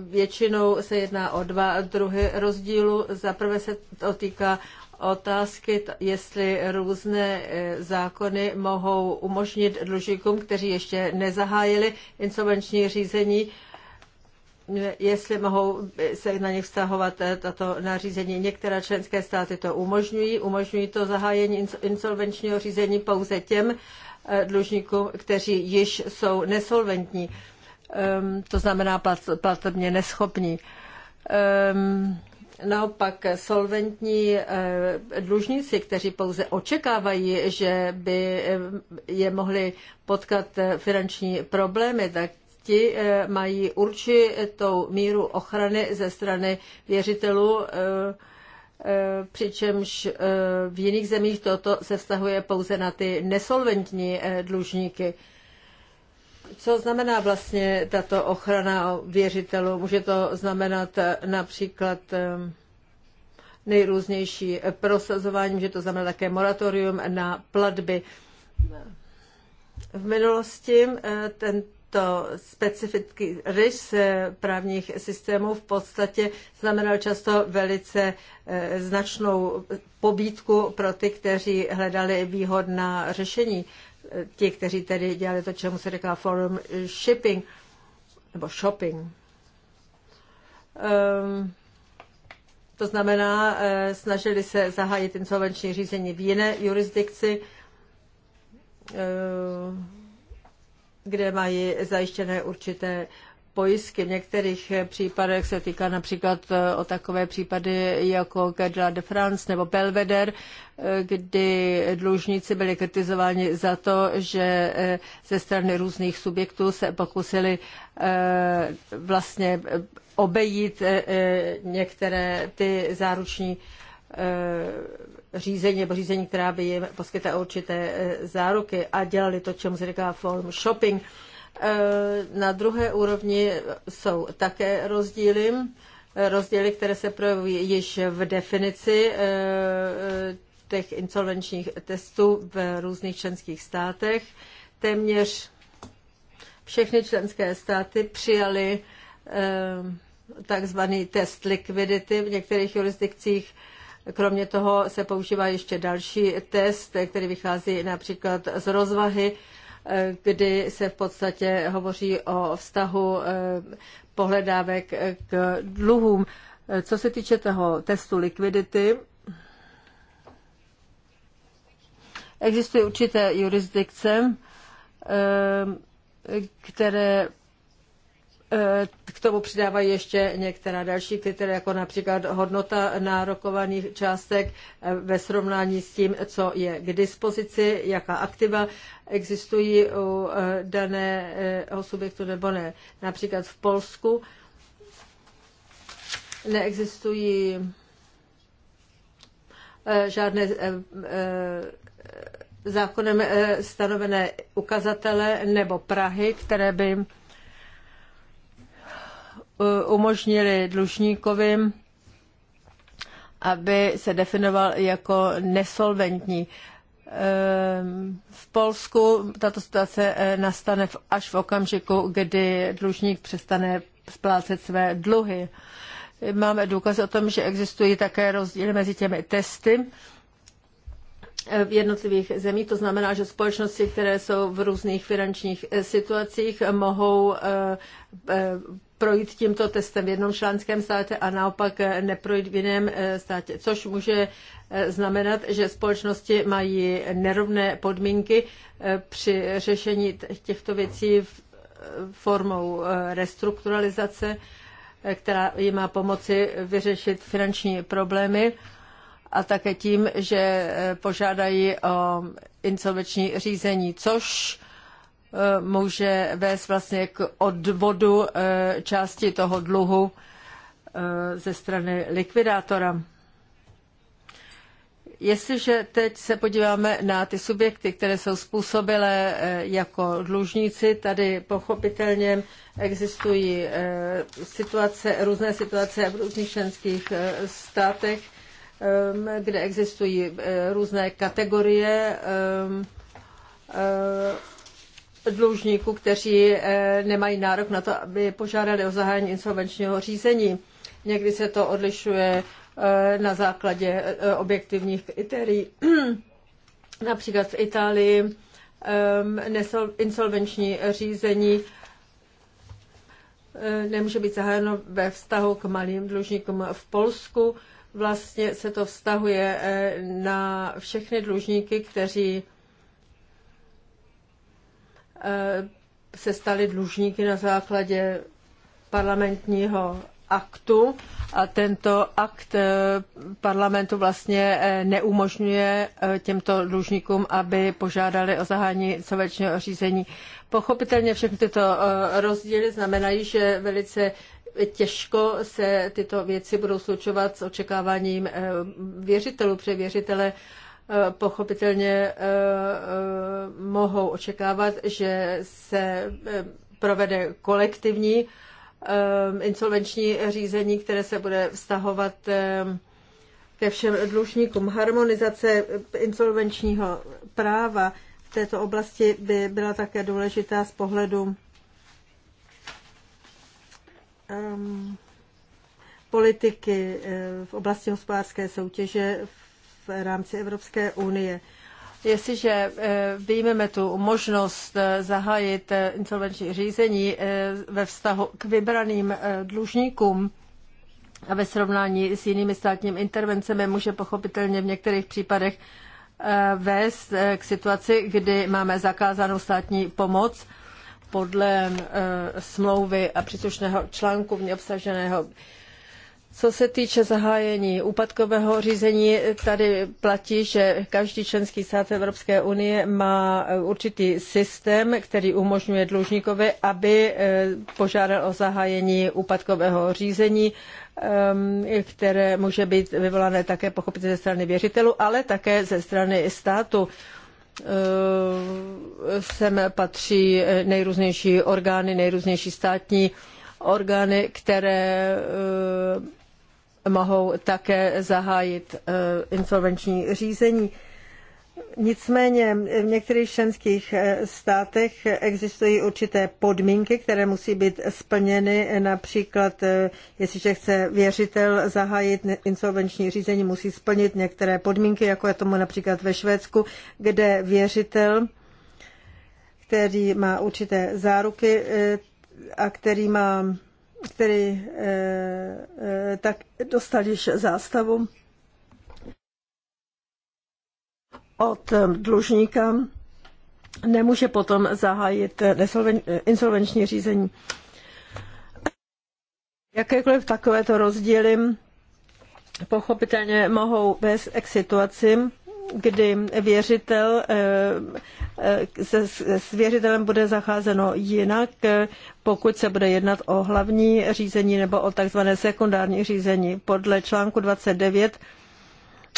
Speaker 2: Většinou se jedná o dva druhy rozdílu. Za prvé se to týká otázky, jestli různé zákony mohou umožnit dlužníkům, kteří ještě nezahájili insolvenční řízení, jestli mohou eh, se na ně vztahovat eh, tato nařízení. Některé členské státy to umožňují, umožňují to zahájení insolvenčního řízení pouze těm eh, dlužníkům, kteří již jsou nesolventní, ehm, to znamená platobně neschopní. Ehm, naopak solventní dlužníci, kteří pouze očekávají, že by je mohli potkat finanční problémy, tak ti eh, mají určitou míru ochrany ze strany věřitelů, eh, eh, přičemž v jiných zemích toto se vztahuje pouze na ty nesolventní dlužníky. Co znamená vlastně tato ochrana věřitelů? Může to znamenat například nejrůznější prosazování, může to znamenat také moratorium na platby. V minulosti ten to specifický rys eh, právních systémů v podstatě znamenal často velice eh, značnou pobídku pro ty, kteří hledali výhodná řešení. Eh, ti, kteří tedy dělali to, čemu se říká forum shipping nebo shopping. Um, to znamená, snažili se zahájit insolvenční řízení v jiné jurisdikci. Um, kde mají zajištěné určité pojistky. V některých případech se týká například eh, o takové případy jako Gadla de France nebo Belveder, eh, kdy dlužníci byli kritizováni za to, že eh, ze strany různých subjektů se pokusili vlastně obejít některé ty záruční řízení nebo řízení, která by jim poskytla určité e, záruky a dělali to, čemu se říká form shopping. E, na druhé úrovni jsou také rozdíly, rozdíly, které se projevují již v definici e, těch insolvenčních testů v různých členských státech. Téměř všechny členské státy přijaly takzvaný test likvidity. V některých jurisdikcích Kromě toho se používá ještě další test, který vychází například z rozvahy, eh, kdy se v podstatě hovoří o vztahu eh, pohledávek eh, k dluhům. Co se týče toho testu likvidity, existují určité jurisdikce, které Eh, k tomu přidávají ještě některá další kritéria, jako například hodnota nárokovaných částek eh, ve srovnání s tím, co je k dispozici, jaká aktiva existují u eh, daného subjektu nebo ne. Například v Polsku neexistují žádné zákonem stanovené ukazatele nebo Prahy, které by umožnili dlužníkovi, aby se definoval jako nesolventní. Ehm, v Polsku tato situace eh, nastane až v okamžiku, kdy dlužník přestane splácet své dluhy. Máme důkaz o tom, že existují také rozdíly mezi těmi testy, v jednotlivých zemích. To znamená, že společnosti, které jsou v různých finančních eh, situacích, mohou eh, eh, projít tímto testem v jednom členském státě a naopak neprojít v jiném státě, což může znamenat, že společnosti mají nerovné podmínky při řešení těchto věcí formou restrukturalizace, která jim má pomoci vyřešit finanční problémy a také tím, že eh, požádají o insolvenční řízení, což eh, může vést vlastně k odvodu eh, části toho dluhu ze strany likvidátora. Jestliže teď se podíváme na ty subjekty, které jsou způsobilé jako dlužníci, tady pochopitelně existují situace, různé situace v různých členských státech Ehm, kde existují eh, různé kategorie ehm, eh, dlužníků, kteří eh, nemají nárok na to, aby požádali o zahájení insolvenčního řízení. Někdy se to odlišuje na základě objektivních kritérií. Například v Itálii ehm, insolvenční řízení nemůže být zahájeno ve vztahu k malým dlužníkům v Polsku vlastně se to vztahuje eh, na všechny dlužníky, kteří eh, se stali dlužníky na základě parlamentního aktu a tento akt eh, parlamentu vlastně neumožňuje těmto dlužníkům, aby požádali o zahájení sovečního řízení. Pochopitelně všechny tyto rozdíly znamenají, že velice těžko se tyto věci budou slučovat s očekáváním eh, věřitelů, protože věřitele eh, pochopitelně eh, mohou očekávat, že se provede kolektivní insolvenční řízení, které se bude vztahovat ke všem dlužníkům. Harmonizace insolvenčního práva v této oblasti by byla také důležitá z pohledu Um, politiky eh, v oblasti hospodářské soutěže v rámci Evropské unie. Jestliže eh, vyjmeme tu možnost eh, zahájit insolvenční řízení ve vztahu k vybraným dlužníkům a ve srovnání s jinými státními intervencemi, může pochopitelně v některých případech vést k situaci, kdy máme zakázanou státní pomoc podle eh, smlouvy a příslušného článku v ní obsaženého. Co se týče zahájení úpadkového řízení, tady platí, že každý členský stát Evropské unie má eh, určitý systém, který umožňuje dlužníkovi, aby eh, požádal o zahájení úpadkového řízení, ehm, které může být vyvolané také pochopitelně ze strany věřitelů, ale také ze strany státu. Eh, sem patří eh, nejrůznější orgány, nejrůznější státní orgány, které eh, mohou také zahájit insolvenční řízení. Nicméně v některých členských eh, státech existují určité podmínky, které musí být splněny. Například, eh, jestliže chce věřitel zahájit insolvenční řízení, musí splnit některé podmínky, jako je tomu například ve Švédsku, kde věřitel, který má určité záruky eh, a který má který tak dostal již zástavu, od eh, dlužníka nemůže potom zahájit eh, eh, insolvenční řízení. Jakékoliv takovéto rozdíly pochopitelně mohou vést k situaci, kdy věřitel se s věřitelem bude zacházeno jinak, pokud se bude jednat o hlavní řízení nebo o takzvané sekundární řízení. Podle článku 29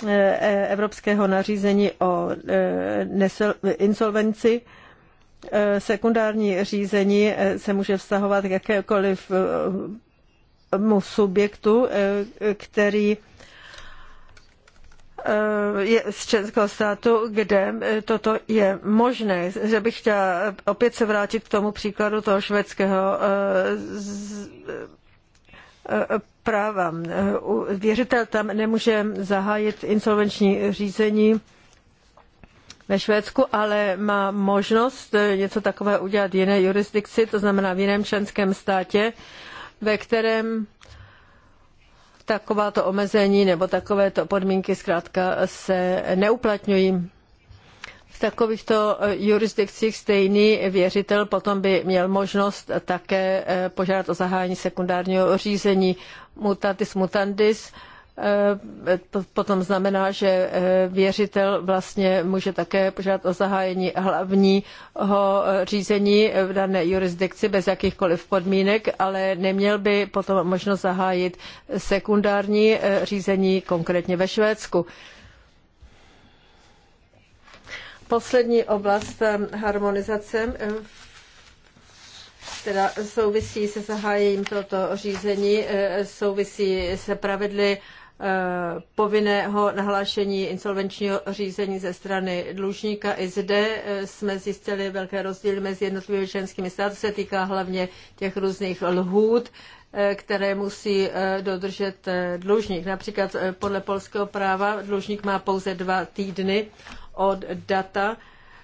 Speaker 2: E, e, evropského nařízení o e, insolvenci. Sekundární řízení se může vztahovat jakékoliv mu subjektu, který je z českého státu, kde toto je možné. Že bych chtěla opět se vrátit k tomu příkladu toho švédského práva. Věřitel tam nemůže zahájit insolvenční řízení ve Švédsku, ale má možnost něco takového udělat v jiné jurisdikci, to znamená v jiném členském státě, ve kterém takováto omezení nebo takovéto podmínky zkrátka se neuplatňují takovýchto e, jurisdikcích stejný věřitel potom by měl možnost také e, požádat o zahájení sekundárního řízení mutatis mutandis. E, potom znamená, že věřitel vlastně může také požádat o zahájení hlavního řízení v dané jurisdikci bez jakýchkoliv podmínek, ale neměl by potom možnost zahájit sekundární řízení konkrétně ve Švédsku. Poslední oblast eh, harmonizace která eh, souvisí se zahájením tohoto řízení, eh, souvisí se pravidly povinného nahlášení insolvenčního řízení ze strany dlužníka. I zde jsme zjistili velké rozdíly mezi jednotlivými členskými státy. Se týká hlavně těch různých lhůt, které musí dodržet dlužník. Například podle polského práva dlužník má pouze dva týdny od data,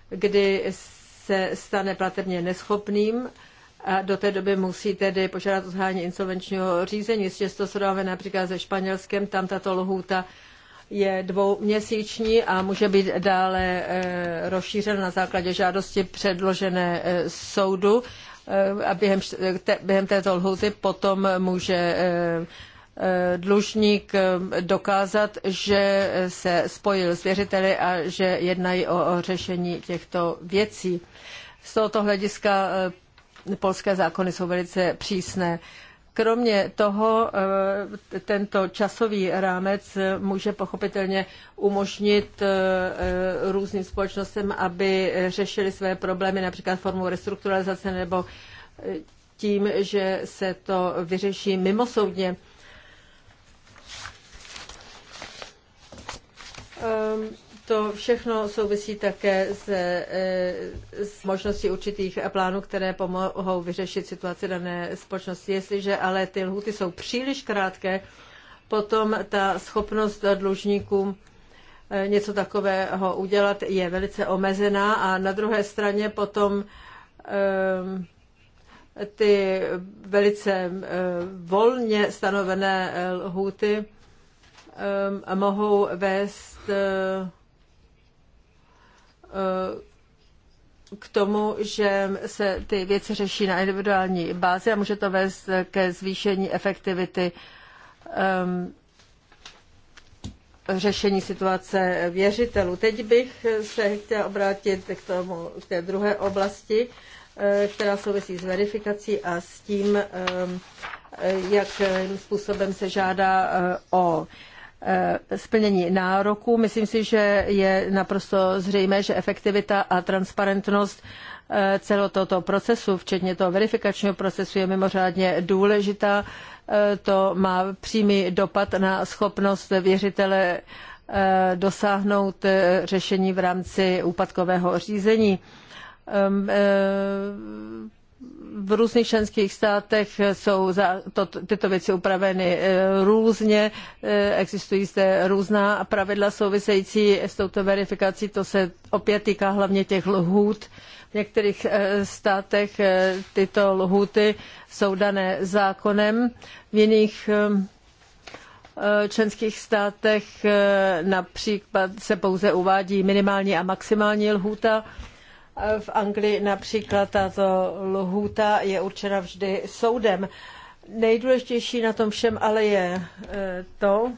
Speaker 2: kdy se stane platebně neschopným a do té doby musí tedy požádat o zahájení insolvenčního řízení. Jestli to srovnáme například se Španělskem, tam tato lhůta je dvouměsíční a může být dále eh, rozšířena na základě žádosti předložené eh, soudu eh, a během, během této lhůty potom může Eh, dlužník eh, dokázat, že se spojil s věřiteli a že jednají o řešení těchto věcí. Z tohoto hlediska eh, polské zákony jsou velice přísné. Kromě toho tento časový rámec může pochopitelně umožnit různým společnostem, aby řešili své problémy například formou restrukturalizace nebo tím, že se to vyřeší mimosoudně. soudně Ehm, to všechno souvisí také s, e, s možností určitých plánů, které pomohou vyřešit situaci dané společnosti. Jestliže ale ty lhuty jsou příliš krátké, potom ta schopnost dlužníků e, něco takového udělat je velice omezená a na druhé straně potom ehm, ty velice e, volně stanovené lhuty ehm, mohou vést Eh, eh, k tomu, že se ty věci řeší na individuální bázi a může to vést ke zvýšení efektivity um, řešení situace věřitelů. Teď bych se chtěla obrátit k, tomu, k té druhé oblasti, eh, která souvisí s verifikací a s tím, ehm, jakým způsobem se žádá o Eh, splnění nároků. Myslím si, že je naprosto zřejmé, že efektivita a transparentnost eh, celého tohoto procesu, včetně toho verifikačního procesu, je mimořádně důležitá. Eh, to má přímý dopad na schopnost věřitele dosáhnout řešení v rámci úpadkového řízení ehm, v různých členských státech jsou to, tyto věci upraveny eh, různě, eh, existují zde různá pravidla související s touto verifikací, to se opět týká hlavně těch lhůt. V některých eh, státech tyto lhůty jsou dané zákonem, v jiných členských státech například se pouze uvádí minimální a maximální lhůta. V Anglii například tato lhůta je určena vždy soudem. Nejdůležitější na tom všem ale je e, to,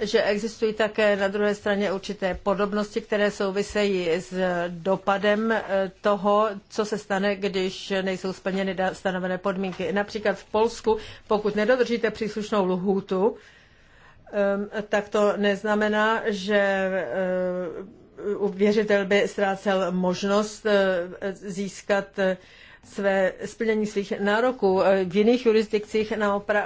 Speaker 2: že existují také na druhé straně určité podobnosti, které souvisejí s dopadem e, toho, co se stane, když nejsou splněny stanovené podmínky. Například v Polsku, pokud nedodržíte příslušnou lhůtu, e, tak to neznamená, že věřitel by ztrácel možnost eh, získat eh, své splnění svých nároků. Eh, v jiných jurisdikcích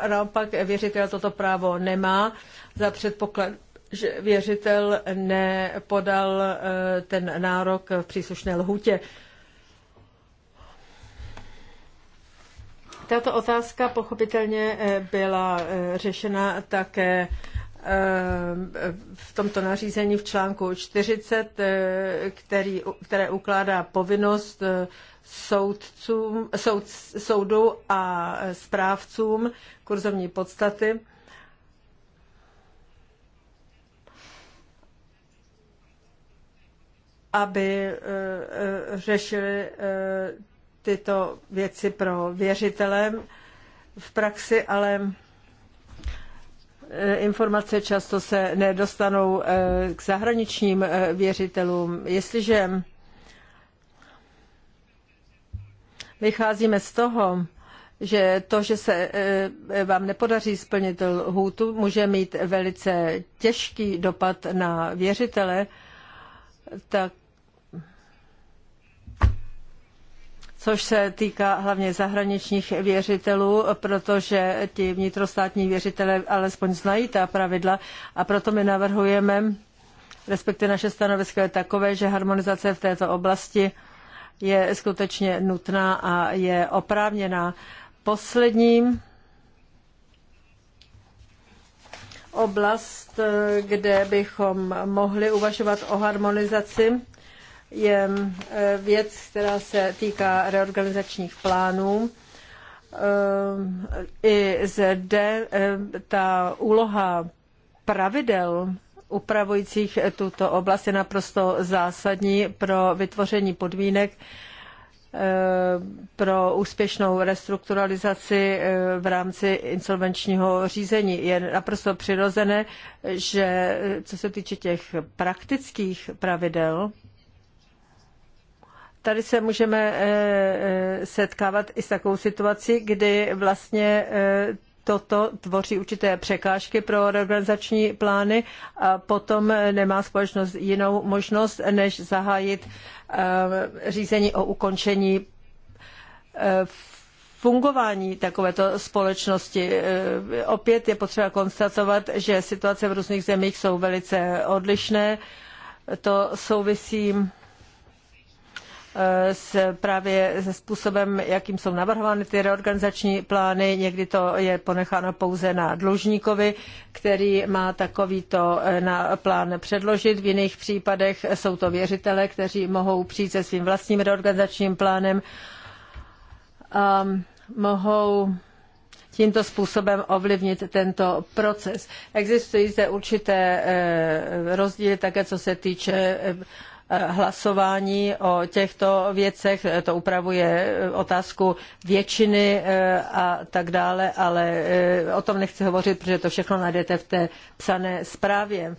Speaker 2: naopak věřitel toto právo nemá za předpoklad, že věřitel nepodal ten nárok v příslušné lhůtě. Tato otázka pochopitelně byla řešena také Eh, v tomto nařízení v článku 40, eh, který, které ukládá povinnost eh, soudcům, soud, soudu a správcům kurzovní podstaty aby řešili tyto věci pro věřitele v praxi, ale Eh, informace často se nedostanou eh, k zahraničním eh, věřitelům. Jestliže vycházíme z toho, že to, že se vám nepodaří splnit lhůtu, může mít velice těžký dopad na věřitele, tak což se týká hlavně zahraničních věřitelů, protože ti vnitrostátní věřitelé alespoň znají ta pravidla a proto my navrhujeme, respektive naše stanovisko je takové, že harmonizace v této oblasti je skutečně nutná a je oprávněná. Posledním oblast, kde bychom mohli uvažovat o harmonizaci, je eh, věc, která se týká reorganizačních plánů. Eh, I zde eh, ta úloha pravidel upravujících tuto oblast je naprosto zásadní pro vytvoření podmínek pro úspěšnou restrukturalizaci v rámci insolvenčního řízení. Je naprosto přirozené, že co se týče těch praktických pravidel, tady se můžeme eh, eh, setkávat i s takovou situací, kdy vlastně eh, toto tvoří určité překážky pro reorganizační plány a potom nemá společnost jinou možnost, než zahájit řízení o ukončení fungování takovéto společnosti. Opět je potřeba konstatovat, že situace v různých zemích jsou velice odlišné. To souvisí s právě se způsobem, jakým jsou navrhovány ty reorganizační plány. Někdy to je ponecháno pouze na dlužníkovi, který má takovýto eh, na plán předložit. V jiných případech jsou to věřitele, kteří mohou přijít se svým vlastním reorganizačním plánem a mohou tímto způsobem ovlivnit tento proces. Existují zde určité eh, rozdíly také, co se týče eh, hlasování o těchto věcech, to upravuje otázku většiny eh, a tak dále, ale eh, o tom nechci hovořit, protože to všechno najdete v té psané zprávě.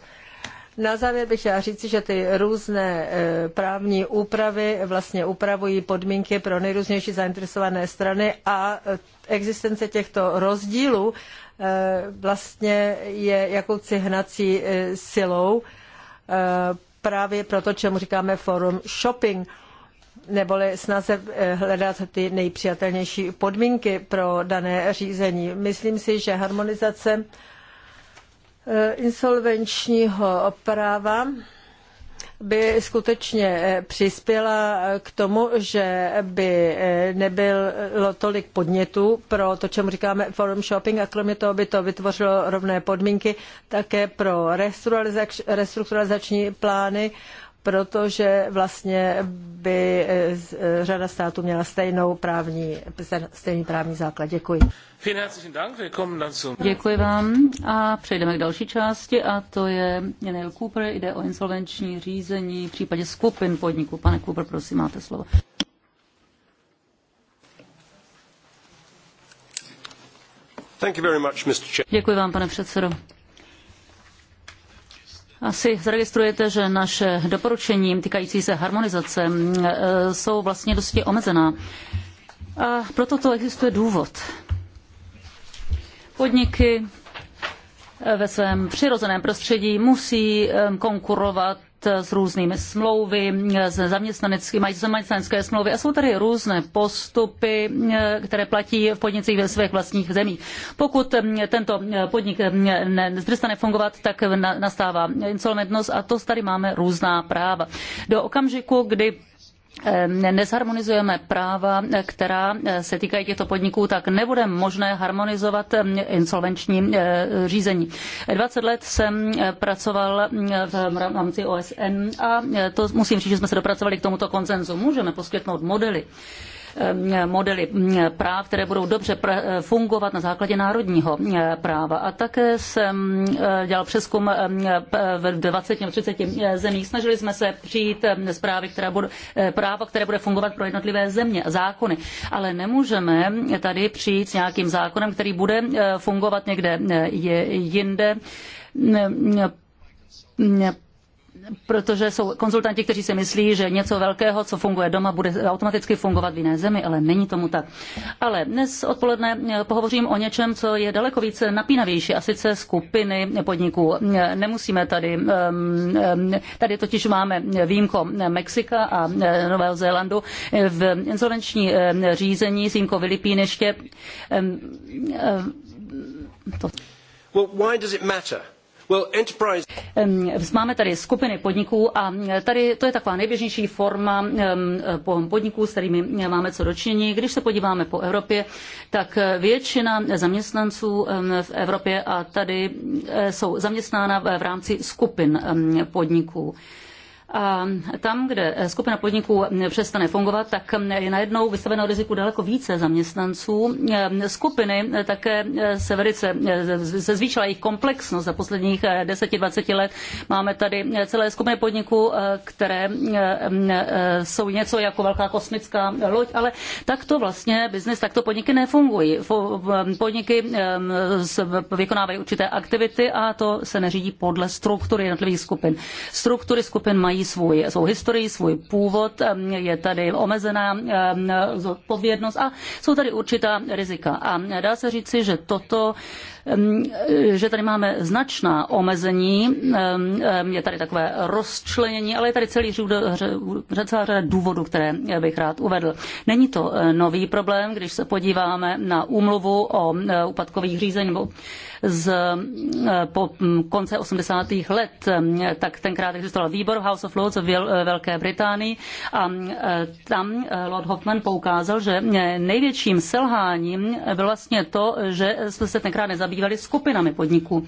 Speaker 2: Na závěr bych chtěla říci, že ty různé eh, právní úpravy vlastně upravují podmínky pro nejrůznější zainteresované strany a existence těchto rozdílů vlastně je jakousi hnací silou právě proto, čemu říkáme forum shopping, neboli snaze eh, hledat ty nejpřijatelnější podmínky pro dané řízení. Myslím si, že harmonizace eh, insolvenčního práva by skutečně eh, přispěla k tomu, že by eh, nebylo tolik podnětů pro to, čemu říkáme forum shopping a kromě toho by to vytvořilo rovné podmínky také pro restrukturalizační plány protože vlastně by eh, eh, řada států měla stejnou právní, stejný právní základ. Děkuji.
Speaker 3: Děkuji vám a přejdeme k další části a to je Neil Cooper, jde o insolvenční řízení v případě skupin podniků. Pane Cooper, prosím, máte slovo. Děkuji vám, pane předsedo asi zaregistrujete, že naše doporučení týkající se harmonizace mm, e, jsou vlastně dosti omezená. A proto to existuje důvod. Podniky e, ve svém přirozeném prostředí musí e, konkurovat s různými smlouvy, s zaměstnaneckými, mají zaměstnanecké smlouvy a jsou tady různé postupy, které platí v podnicích ve svých vlastních zemích. Pokud eh, tento eh, podnik eh, přestane fungovat, tak nastává insolventnost a to tady máme různá práva. Do okamžiku, kdy nezharmonizujeme práva, která eh, se týkají těchto podniků, tak nebude možné harmonizovat eh, insolvenční eh, řízení. 20 let jsem pracoval v rámci OSN a to musím říct, že jsme se dopracovali k tomuto koncenzu. Můžeme poskytnout modely Eh, modely eh, práv, které budou dobře eh, fungovat na základě národního práva. A také jsem dělal přeskum v 20 nebo 30 zemích. Snažili jsme se přijít z právy, které bude, práva, které bude fungovat pro jednotlivé země, zákony. Ale nemůžeme tady přijít s nějakým zákonem, který bude fungovat někde jinde protože jsou konzultanti, kteří si myslí, že něco velkého, co funguje doma, bude automaticky fungovat v jiné zemi, ale není tomu tak. Ale dnes odpoledne eh, pohovořím o něčem, co je daleko více napínavější, a sice skupiny podniků. Nemusíme tady, ehm, ehm, tady totiž máme výjimko Mexika a eh, Nového Zélandu v insolvenční eh, řízení s výjimkou Filipín ještě. Ehm,
Speaker 2: to... Well, why does it matter?
Speaker 3: Máme tady skupiny podniků a tady to je taková nejběžnější forma podniků, s kterými máme co dočinění. Když se podíváme po Evropě, tak většina zaměstnanců v Evropě a tady e, jsou zaměstnána v rámci skupin podniků. A tam, kde eh, skupina podniků eh, přestane fungovat, tak eh, je najednou vystaveno riziku daleko více zaměstnanců. Skupiny také se velice se zvýšila jejich komplexnost za posledních 10-20 let. Máme tady celé skupiny podniků, které jsou něco jako velká kosmická loď, ale takto vlastně biznis, takto podniky nefungují. Podniky vykonávají určité aktivity a to se neřídí podle struktury jednotlivých skupin. Struktury skupin mají mají svůj, svou historii, svůj původ, je tady omezená zodpovědnost a jsou tady určitá rizika. A dá se říci, že toto že tady máme značná omezení, je tady takové rozčlenění, ale je tady celý celá řad důvodů, které bych rád uvedl. Není to eh, nový problém, když se podíváme na úmluvu o eh, úpadkových řízení, z eh, po mm, konce 80. let, eh, tak tenkrát existoval výbor House of Lords v eh, Velké Británii a tam Lord Hoffman poukázal, že největším selháním bylo vlastně to, že jsme se tenkrát nezabývali skupinami podniků.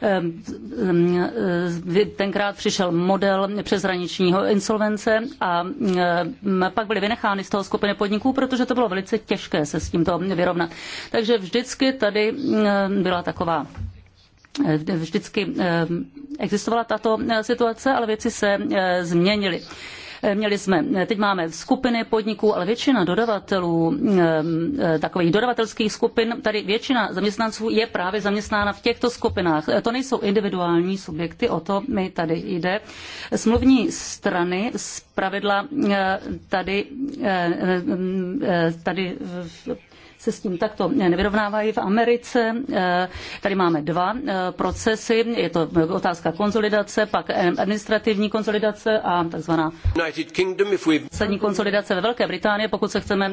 Speaker 3: Ehm, ehm, tenkrát přišel model přeshraničního insolvence a ehm, pak byly vynechány z toho skupiny podniků, protože to bylo velice těžké se s tímto vyrovnat. Takže vždycky tady byla taková eh, vždycky existovala tato eh, situace, ale věci se eh, změnily. Měli jsme, teď máme skupiny podniků, ale většina dodavatelů, eh, takových dodavatelských skupin, tady většina zaměstnanců je právě zaměstnána v těchto skupinách. To nejsou individuální subjekty, o to mi tady jde. Smluvní strany z pravidla eh, tady, eh, tady se s tím takto nevyrovnávají v Americe. Eh, tady máme dva eh, procesy. Je to otázka konsolidace, pak eh, administrativní konsolidace a takzvaná we... konsolidace ve Velké Británii. Pokud se chceme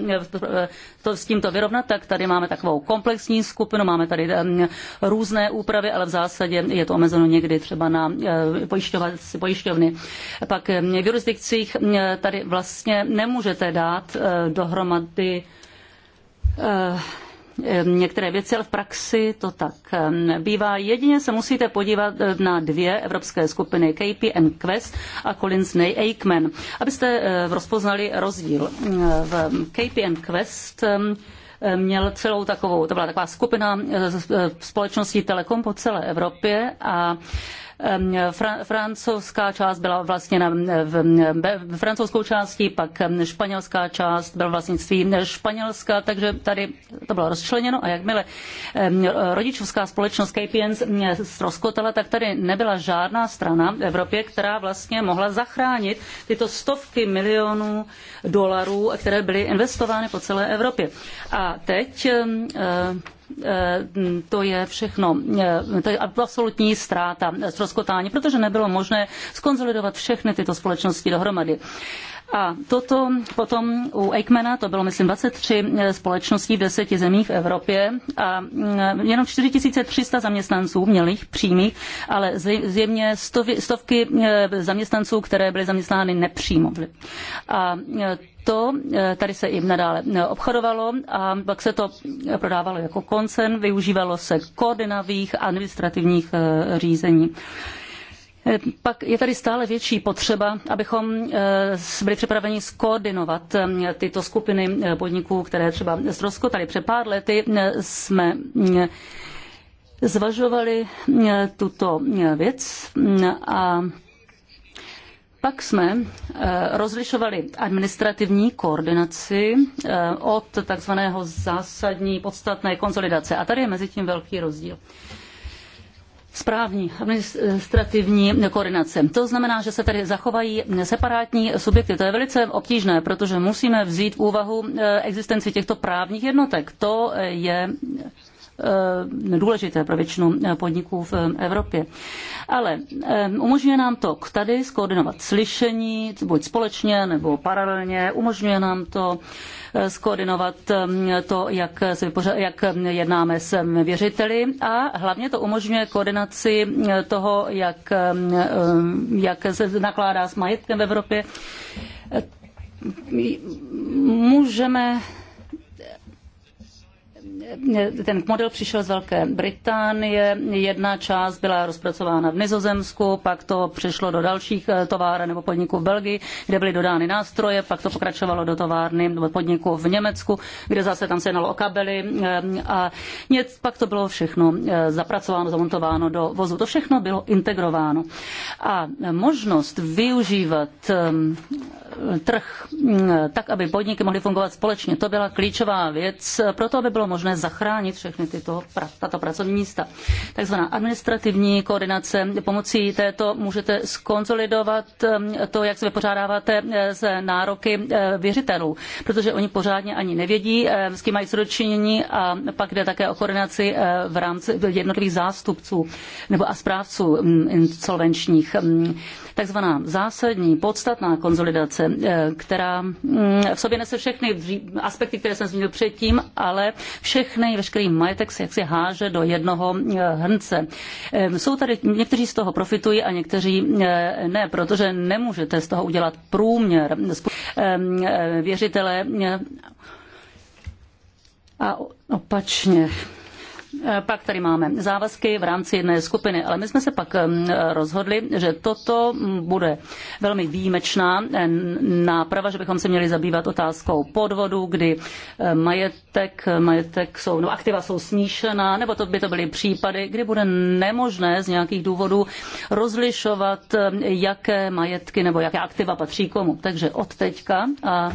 Speaker 3: to s tímto vyrovnat, tak tady máme takovou komplexní skupinu, máme tady různé úpravy, ale v zásadě je to omezeno někdy třeba na pojišťovny. Pak v jurisdikcích tady vlastně nemůžete dát dohromady Eh, eh, některé věci, ale v praxi to tak eh, bývá. Jedině se musíte podívat na dvě evropské skupiny, KPN Quest a Collins Ney Aikman, abyste rozpoznali rozdíl. V KPN Quest měl celou takovou, to byla taková skupina společností Telekom po celé Evropě a Ehm, francouzská část byla vlastně na, v, francouzskou částí, pak ehm, španělská část byla vlastnictví Španělska, takže tady to bylo rozčleněno a jakmile ehm, rodičovská společnost KPN ztroskotala, tak tady nebyla žádná strana v Evropě, která vlastně mohla zachránit tyto stovky milionů dolarů, které byly investovány po celé Evropě. A teď eh, to je všechno, to je absolutní ztráta, ztroskotání, protože nebylo možné skonzolidovat všechny tyto společnosti dohromady. A toto potom u Eichmana, to bylo myslím 23 společností v deseti zemích v Evropě a mm, jenom 4300 zaměstnanců mělých přímých, ale zjemně stovky e, zaměstnanců, které byly zaměstnány nepřímo. A e, to eh, tady se jim nadále eh, obchodovalo a pak se to eh, prodávalo jako koncern, využívalo se koordinavých administrativních řízení. Pak je tady stále větší potřeba, abychom byli připraveni skoordinovat tyto skupiny podniků, které třeba tady Před pár lety jsme zvažovali tuto věc mm, a pak jsme eh, rozlišovali administrativní koordinaci eh, od takzvaného zásadní podstatné konsolidace. A tady je mezi tím velký rozdíl. Správní administrativní koordinace. To znamená, že se tady zachovají separátní subjekty. To je velice obtížné, protože musíme vzít v úvahu eh, existenci těchto právních jednotek. To je Eh, důležité pro většinu eh, podniků v Evropě. Ale eh, umožňuje nám to tady skoordinovat slyšení, buď společně nebo paralelně, umožňuje nám to skoordinovat to, jak, se vypořád, jak jednáme s věřiteli a hlavně to umožňuje koordinaci toho, jak, jak se nakládá s majetkem v Evropě můžeme ten model přišel z Velké Británie, jedna část byla rozpracována v Nizozemsku, pak to přešlo do dalších eh, továren nebo podniků v Belgii, kde byly dodány nástroje, pak to pokračovalo do továrny nebo podniků v Německu, kde zase tam se jednalo o kabely eh, a nic, pak to bylo všechno eh, zapracováno, zamontováno do vozu. To všechno bylo integrováno. A možnost využívat trh, mm, tak, aby podniky mohly fungovat společně. To byla klíčová věc pro to, aby bylo možné zachránit všechny tyto, tato pracovní místa. Takzvaná administrativní koordinace. Pomocí této můžete skonsolidovat mm, to, jak se vypořádáváte eh, s nároky eh, věřitelů, protože oni pořádně ani nevědí, eh, s kým mají dočinění a pak jde také o koordinaci v rámci jednotlivých zástupců nebo a správců mm, insolvenčních takzvaná zásadní, podstatná konzolidace, eh, která mm, v sobě nese všechny aspekty, které jsem zmínil předtím, ale všechny, veškerý majetek se jaksi háže do jednoho eh, hrnce. Jsou tady, někteří z toho profitují a někteří eh, ne, protože nemůžete z toho udělat průměr. Věřitele a opačně. Eh, pak tady máme závazky v rámci jedné skupiny, ale my jsme se pak rozhodli, že toto bude velmi výjimečná eh, náprava, že bychom se měli zabývat otázkou podvodu, kdy eh, majetek, majetek jsou, no aktiva jsou smíšená, nebo to by to byly případy, kdy bude nemožné z nějakých důvodů rozlišovat, jaké majetky nebo jaké aktiva patří komu. Takže od teďka a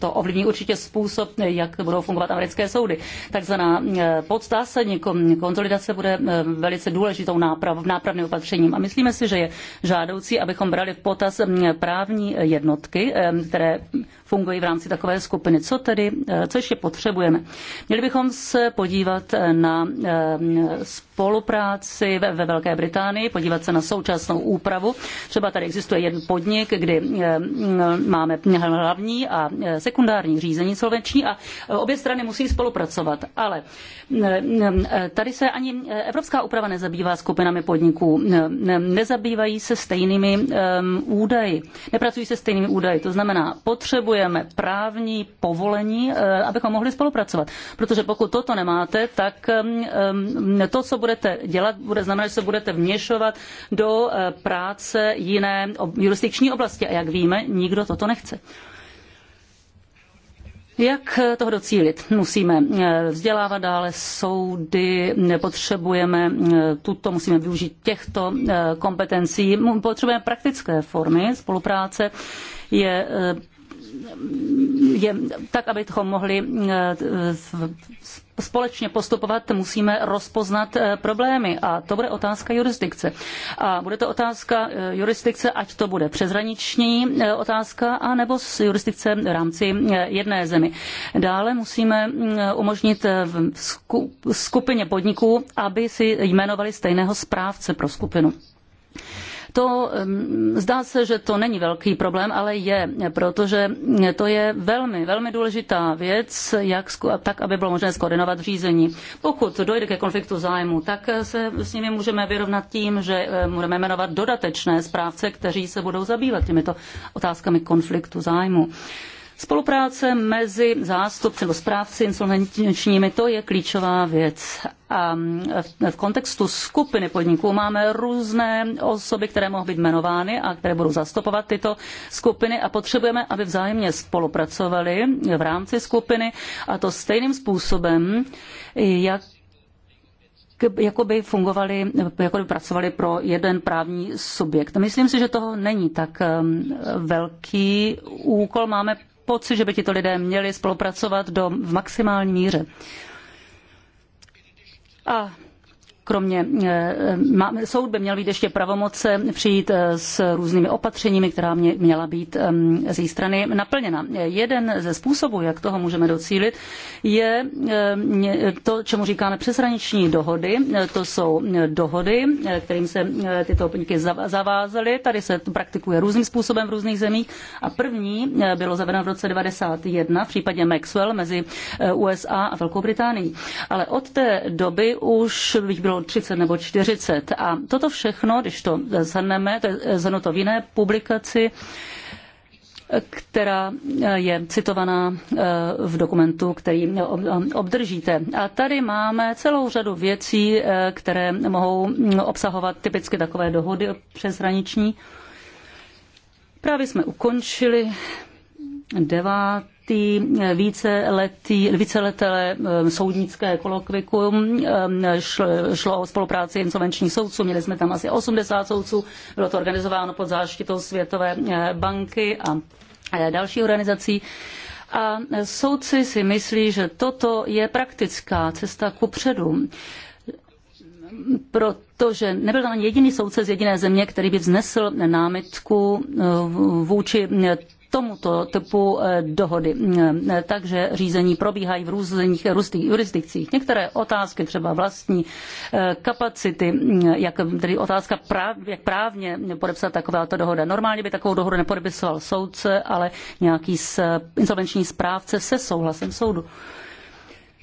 Speaker 3: to ovlivní určitě způsob, jak budou fungovat americké soudy. Takzvaná podstatná zásadní konsolidace bude eh, velice důležitou náprav, nápravným opatřením. A myslíme si, že je žádoucí, abychom brali v potaz mm, právní jednotky, eh, které fungují v rámci takové skupiny. Co tedy, eh, co ještě potřebujeme? Měli bychom se podívat eh, na eh, spolupráci ve Velké Británii, podívat se na současnou úpravu. Třeba tady existuje jeden podnik, kdy máme hlavní a sekundární řízení solvenční a obě strany musí spolupracovat. Ale tady se ani evropská úprava nezabývá skupinami podniků, nezabývají se stejnými údaji, nepracují se stejnými údaji. To znamená, potřebuje potřebujeme právní povolení, eh, abychom mohli spolupracovat. Protože pokud toto nemáte, tak ehm, ehm, to, co budete dělat, bude znamenat, že se budete vměšovat do eh, práce jiné jurisdikční oblasti. A jak víme, nikdo toto nechce. Jak eh, toho docílit? Musíme vzdělávat dále soudy, potřebujeme tuto, musíme využít těchto kompetencí, potřebujeme praktické formy spolupráce. Je je, tak, abychom mohli eh, společně postupovat, musíme rozpoznat eh, problémy. A to bude otázka jurisdikce. A bude to otázka eh, jurisdikce, ať to bude přeshraniční otázka, anebo z jurisdikce v rámci jedné zemi. Dále musíme umožnit skupině podniků, aby si jmenovali stejného správce pro skupinu. To zdá se, že to není velký problém, ale je, protože to je velmi, velmi důležitá věc, jak, tak, aby bylo možné skoordinovat řízení. Pokud dojde ke konfliktu zájmu, tak se s nimi můžeme vyrovnat tím, že budeme eh, jmenovat dodatečné správce, kteří se budou zabývat těmito otázkami konfliktu zájmu. Spolupráce mezi zástupci nebo správci insolvenčními, to je klíčová věc. A v kontextu skupiny podniků máme různé osoby, které mohou být jmenovány a které budou zastupovat tyto skupiny a potřebujeme, aby vzájemně spolupracovali v rámci skupiny a to stejným způsobem, jak jako by fungovali, jako by pracovali pro jeden právní subjekt. Myslím si, že toho není tak um, velký úkol. Máme pocit, že by tito lidé měli spolupracovat do, v maximální míře. A kromě eh, soud by měl být ještě pravomoce přijít eh, s různými opatřeními, která mě, měla být ehm, z její strany naplněna. Jeden ze způsobů, jak toho můžeme docílit, je eh, to, čemu říkáme přeshraniční dohody. To jsou dohody, kterým se tyto podniky zavázaly. Tady se praktikuje různým způsobem v různých zemích. A první bylo zavedeno v roce 1991 v případě Maxwell mezi USA a Velkou Británií. Ale od té doby už bych bylo bylo 30 nebo 40. A toto všechno, když to zhrneme, to je eh, zhrnuto v jiné publikaci, která eh, je citovaná eh, v dokumentu, který obdržíte. A tady máme celou řadu věcí, které mohou hm, obsahovat typicky takové dohody přeshraniční. Právě jsme ukončili devát šestý víceletý, víceleté eh, soudnické kolokvikum. Eh, šlo o spolupráci insolvenčních soudců, měli jsme tam asi 80 soudců, bylo to organizováno pod záštitou Světové eh, banky a další organizací. A soudci si myslí, že toto je praktická cesta předu. protože nebyl tam ani jediný soudce z jediné země, který by vznesl námitku vůči tomuto typu eh, dohody. Mm, eh, takže řízení probíhají v různých jurisdikcích. Některé otázky, třeba vlastní eh, kapacity, mm, jak, tedy otázka, práv, jak právně podepsat takováto dohoda. Normálně by takovou dohodu nepodepisoval soudce, ale nějaký insolvenční správce se souhlasem soudu.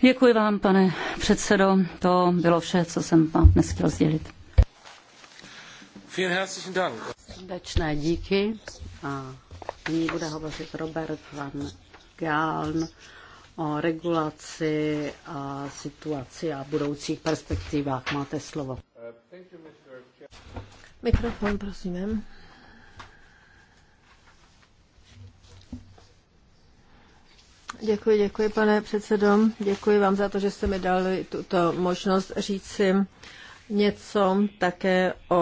Speaker 3: Děkuji vám, pane předsedo. To bylo vše, co jsem vám dnes chtěl sdělit.
Speaker 1: Vielen herzlichen Dank. Srdečné díky a Nyní bude hovořit Robert van Gaaln o regulaci a situaci a budoucích perspektivách. Máte slovo. Mikrofon, prosím.
Speaker 2: Děkuji, děkuji, pane předsedo. Děkuji vám za to, že jste mi dali tuto možnost říct si něco také o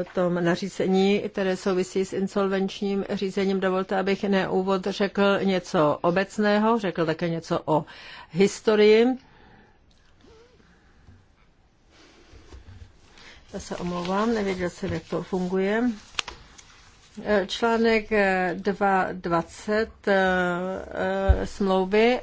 Speaker 2: e, tom nařízení, které souvisí s insolvenčním řízením. Dovolte, abych na úvod řekl něco obecného, řekl také něco o historii. Já se omlouvám, nevěděl jsem, jak to funguje. E, článek 2.20 e, smlouvy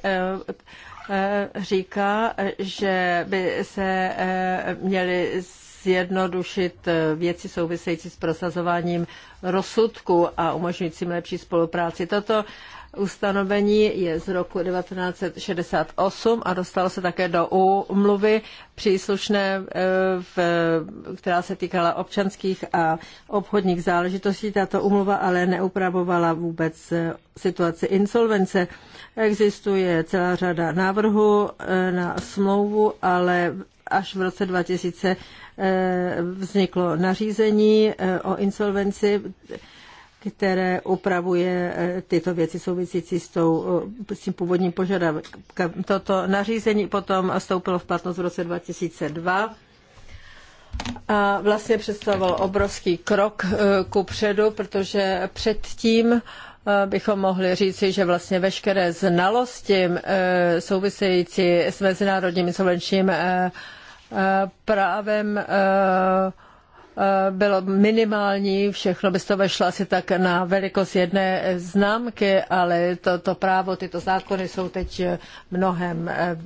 Speaker 2: Eh, říká, že by se eh, měly zjednodušit eh, věci související s prosazováním rozsudku a umožňujícím lepší spolupráci. Toto ustanovení je z roku 1968 a dostalo se také do úmluvy příslušné, e, která se týkala občanských a obchodních záležitostí. Tato úmluva ale neupravovala vůbec e, situaci insolvence. Existuje celá řada návrhů e, na smlouvu, ale až v roce 2000 vzniklo nařízení o insolvenci které upravuje eh, tyto věci související s, tou, eh, s tím původním požadavkem. Toto nařízení potom stoupilo v platnost v roce 2002 a vlastně představoval obrovský krok eh, ku předu, protože předtím bychom mohli říci, že vlastně veškeré znalosti související s mezinárodním insolvenčním právem Eh, bylo minimální, všechno by to vešlo asi tak na velikost jedné známky, ale toto to právo, tyto zákony jsou teď eh, mnohem eh,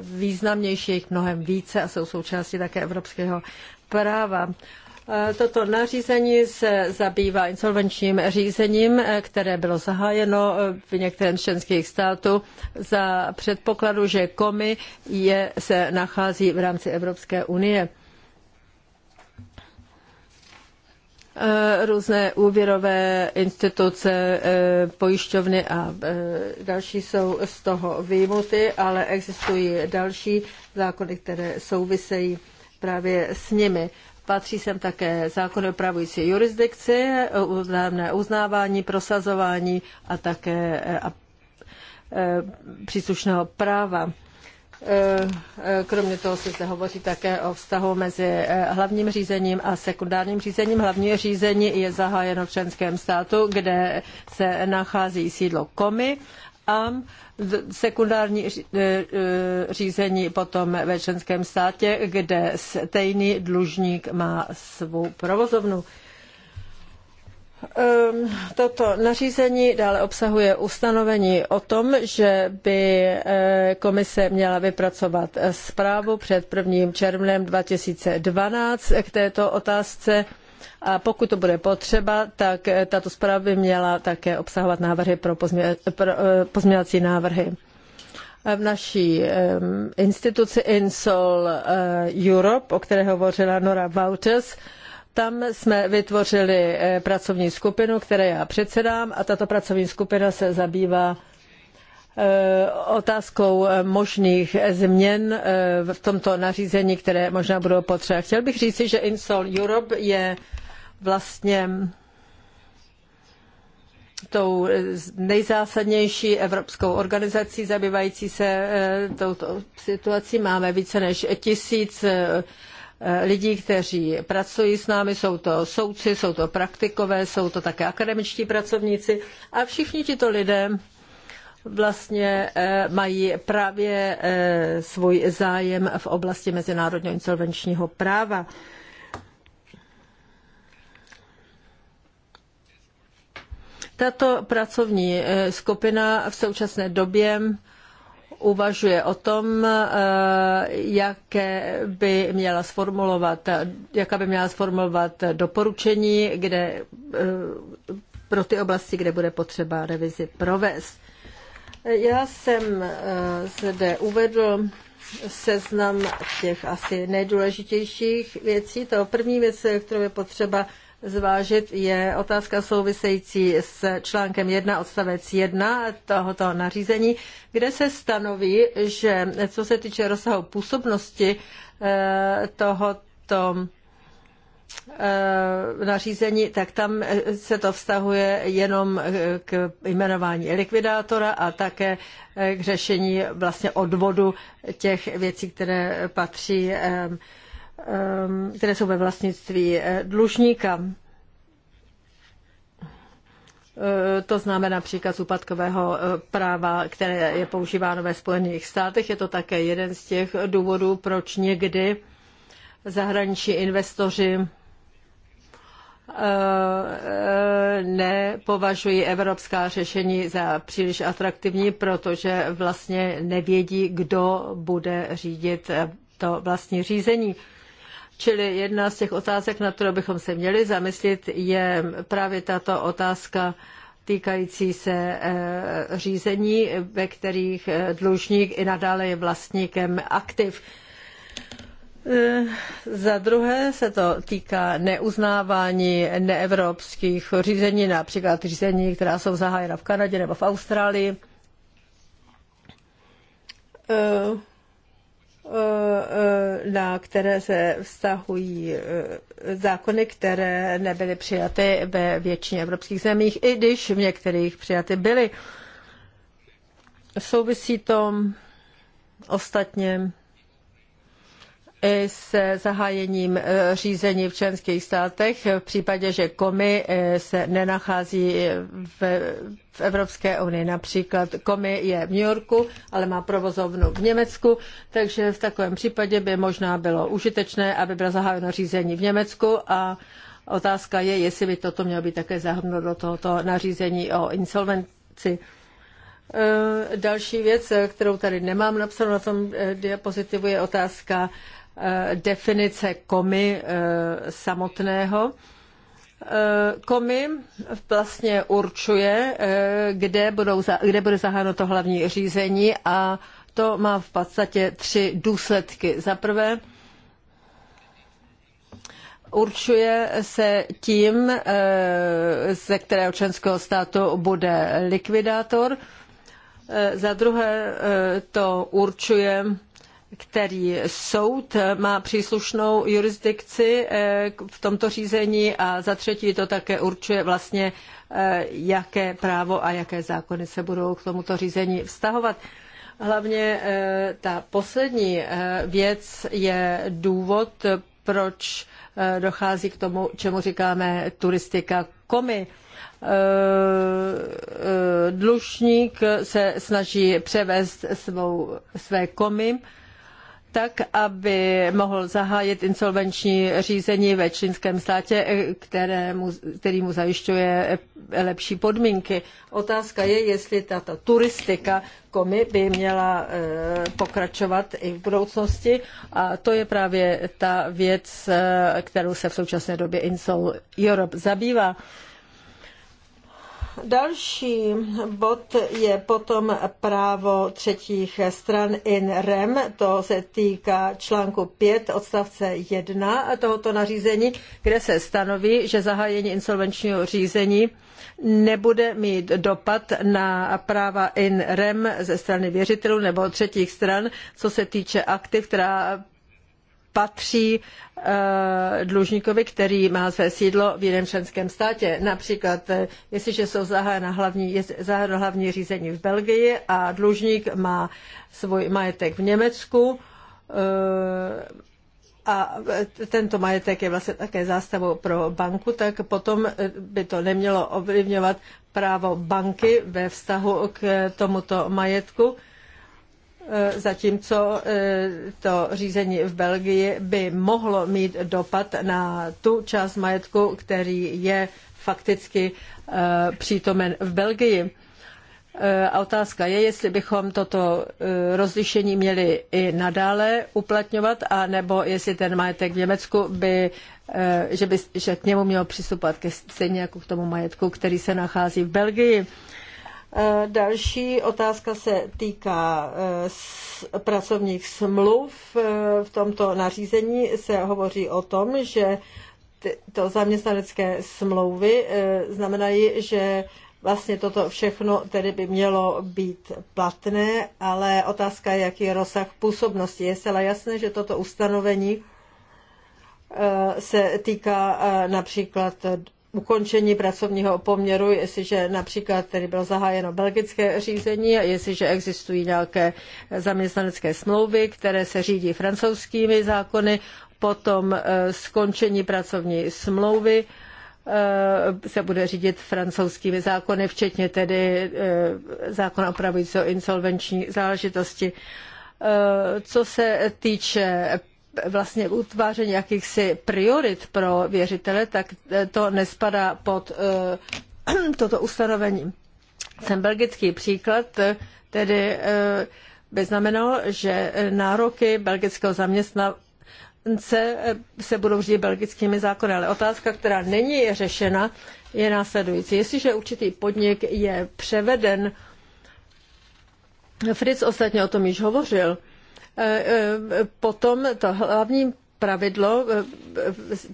Speaker 2: významnější, jich mnohem více a jsou součástí také evropského práva. Toto nařízení se zabývá insolvenčním řízením, které bylo zahájeno v některém z členských států za předpokladu, že komi je, se nachází v rámci Evropské unie. Eh, různé úvěrové instituce, eh, pojišťovny a eh, další jsou z toho výjimuty, ale existují další zákony, které souvisejí právě s nimi. Patří sem také zákony opravující jurisdikci, vzájemné uznávání, prosazování a také příslušného práva. Eh, eh, kromě toho se zde hovoří také o vztahu mezi eh, hlavním řízením a sekundárním řízením. Hlavní řízení je zahájeno v členském státu, kde se nachází sídlo komy a sekundární řízení potom ve členském státě, kde stejný dlužník má svou provozovnu. Ehm, toto nařízení dále obsahuje ustanovení o tom, že by eh, komise měla vypracovat eh, zprávu před 1. červnem 2012 k této otázce. A pokud to bude potřeba, tak eh, tato zpráva by měla také obsahovat návrhy pro, pozměňovací návrhy. V naší ehm, instituci Insol Europe, o které hovořila Nora Wouters, tam jsme vytvořili eh, pracovní skupinu, které já předsedám a tato pracovní skupina se zabývá eh, otázkou eh, možných změn v tomto nařízení, které možná budou potřeba. Chtěl bych říci, že Insol Europe je vlastně tou nejzásadnější evropskou organizací zabývající se touto situací. Máme více než tisíc Eh, lidí, kteří pracují s námi, jsou to soudci, jsou to praktikové, jsou to také akademičtí pracovníci a všichni tito lidé vlastně eh, mají právě eh, svůj zájem v oblasti mezinárodního insolvenčního práva. Tato pracovní skupina v současné době uvažuje o tom, eh, jaké by měla sformulovat, jaká by měla sformulovat doporučení, kde eh, pro ty oblasti, kde bude potřeba revizi provést. Já jsem eh, zde uvedl seznam těch asi nejdůležitějších věcí. To první věc, kterou je potřeba zvážit, je otázka související s článkem 1 odstavec 1 tohoto nařízení, kde se stanoví, že co se týče rozsahu působnosti eh, tohoto eh, nařízení, tak tam se to vztahuje jenom k jmenování likvidátora a také eh, k řešení vlastně odvodu těch věcí, které patří Um, které jsou ve vlastnictví eh, dlužníka. Eh, to znamená z úpadkového eh, práva, které je používáno ve Spojených státech. Je to také jeden z těch důvodů, proč někdy zahraniční investoři nepovažují evropská řešení za příliš atraktivní, protože vlastně nevědí, kdo bude řídit to vlastní řízení. Čili jedna z těch otázek, na kterou bychom se měli zamyslit, je právě tato otázka týkající se eh, řízení, ve kterých eh, dlužník i nadále je vlastníkem aktiv. Eh, za druhé se to týká neuznávání neevropských řízení, například řízení, která jsou zahájena v Kanadě nebo v Austrálii na které se vztahují eh, zákony, které nebyly přijaty ve většině evropských zemích, i když v některých přijaty byly. Souvisí to ostatně i s zahájením e, řízení v členských státech v případě, že komi e, se nenachází v, Evropské unii. Například komi je v New Yorku, ale má provozovnu v Německu, takže v takovém případě by možná bylo užitečné, aby bylo zahájeno řízení v Německu a otázka je, jestli by toto mělo být také zahrnuto do tohoto nařízení o insolvenci. E, další věc, kterou tady nemám napsanou na tom diapozitivu, je otázka Eh, definice komy eh, samotného. Eh, Komi vlastně určuje, kde, budou, kde bude zahájeno to hlavní řízení a to má v podstatě tři důsledky. Za prvé, určuje se tím, ze kterého členského státu bude likvidátor. Za druhé, to určuje který soud má příslušnou jurisdikci eh, v tomto řízení a za třetí to také určuje vlastně, eh, jaké právo a jaké zákony se budou k tomuto řízení vztahovat. Hlavně eh, ta poslední věc je důvod, proč dochází k tomu, čemu říkáme turistika komy. Dlužník se snaží převést svou, své komy tak, aby mohl zahájit insolvenční řízení ve členském státě, eh, kterému, který mu zajišťuje eh, lepší podmínky. Otázka je, jestli tato turistika komi by měla eh, pokračovat i v budoucnosti a to je právě ta věc, kterou se v současné době Insol Europe zabývá. Další bod je potom právo třetích stran in rem. To se týká článku 5 odstavce 1 tohoto nařízení, kde se stanoví, že zahájení insolvenčního řízení nebude mít dopad na práva in rem ze strany věřitelů nebo třetích stran, co se týče aktiv, která patří eh, dlužníkovi, který má své sídlo v jiném členském státě. Například, eh, jestliže jsou zahájena hlavní, zahájeno hlavní řízení v Belgii a dlužník má svůj majetek v Německu, eh, a tento majetek je vlastně také zástavou pro banku, tak potom by to nemělo ovlivňovat právo banky ve vztahu k tomuto majetku Eh, zatímco eh, to řízení v Belgii by mohlo mít dopad na tu část majetku, který je fakticky eh, přítomen v Belgii. A otázka je, jestli bychom toto rozlišení měli i nadále uplatňovat, a nebo jestli ten majetek v Německu by, že, by, že k němu mělo přistupovat ke, stejně jako k tomu majetku, který se nachází v Belgii. Eh, další otázka se týká eh, pracovních smluv. Eh, v tomto nařízení se hovoří o tom, že to zaměstnanecké smlouvy znamenají, že vlastně toto všechno tedy by mělo být platné, ale otázka je, jaký je rozsah působnosti. Je zcela jasné, že toto ustanovení se týká například ukončení pracovního poměru, jestliže například tedy bylo zahájeno belgické řízení a jestliže existují nějaké zaměstnanecké smlouvy, které se řídí francouzskými zákony, potom eh, skončení pracovní smlouvy eh, se bude řídit francouzskými zákony, včetně tedy eh, zákona opravujícího insolvenční záležitosti. Co se týče vlastně utváření jakýchsi priorit pro věřitele, tak eh, to nespadá pod eh, toto ustanovení. Ten belgický příklad eh, tedy by znamenal, že nároky belgického zaměstnance se budou řídit belgickými zákony. Ale otázka, která není řešena, je následující. Jestliže určitý podnik je převeden, Fritz ostatně o tom již hovořil, Eh, eh, potom to hlavní pravidlo eh,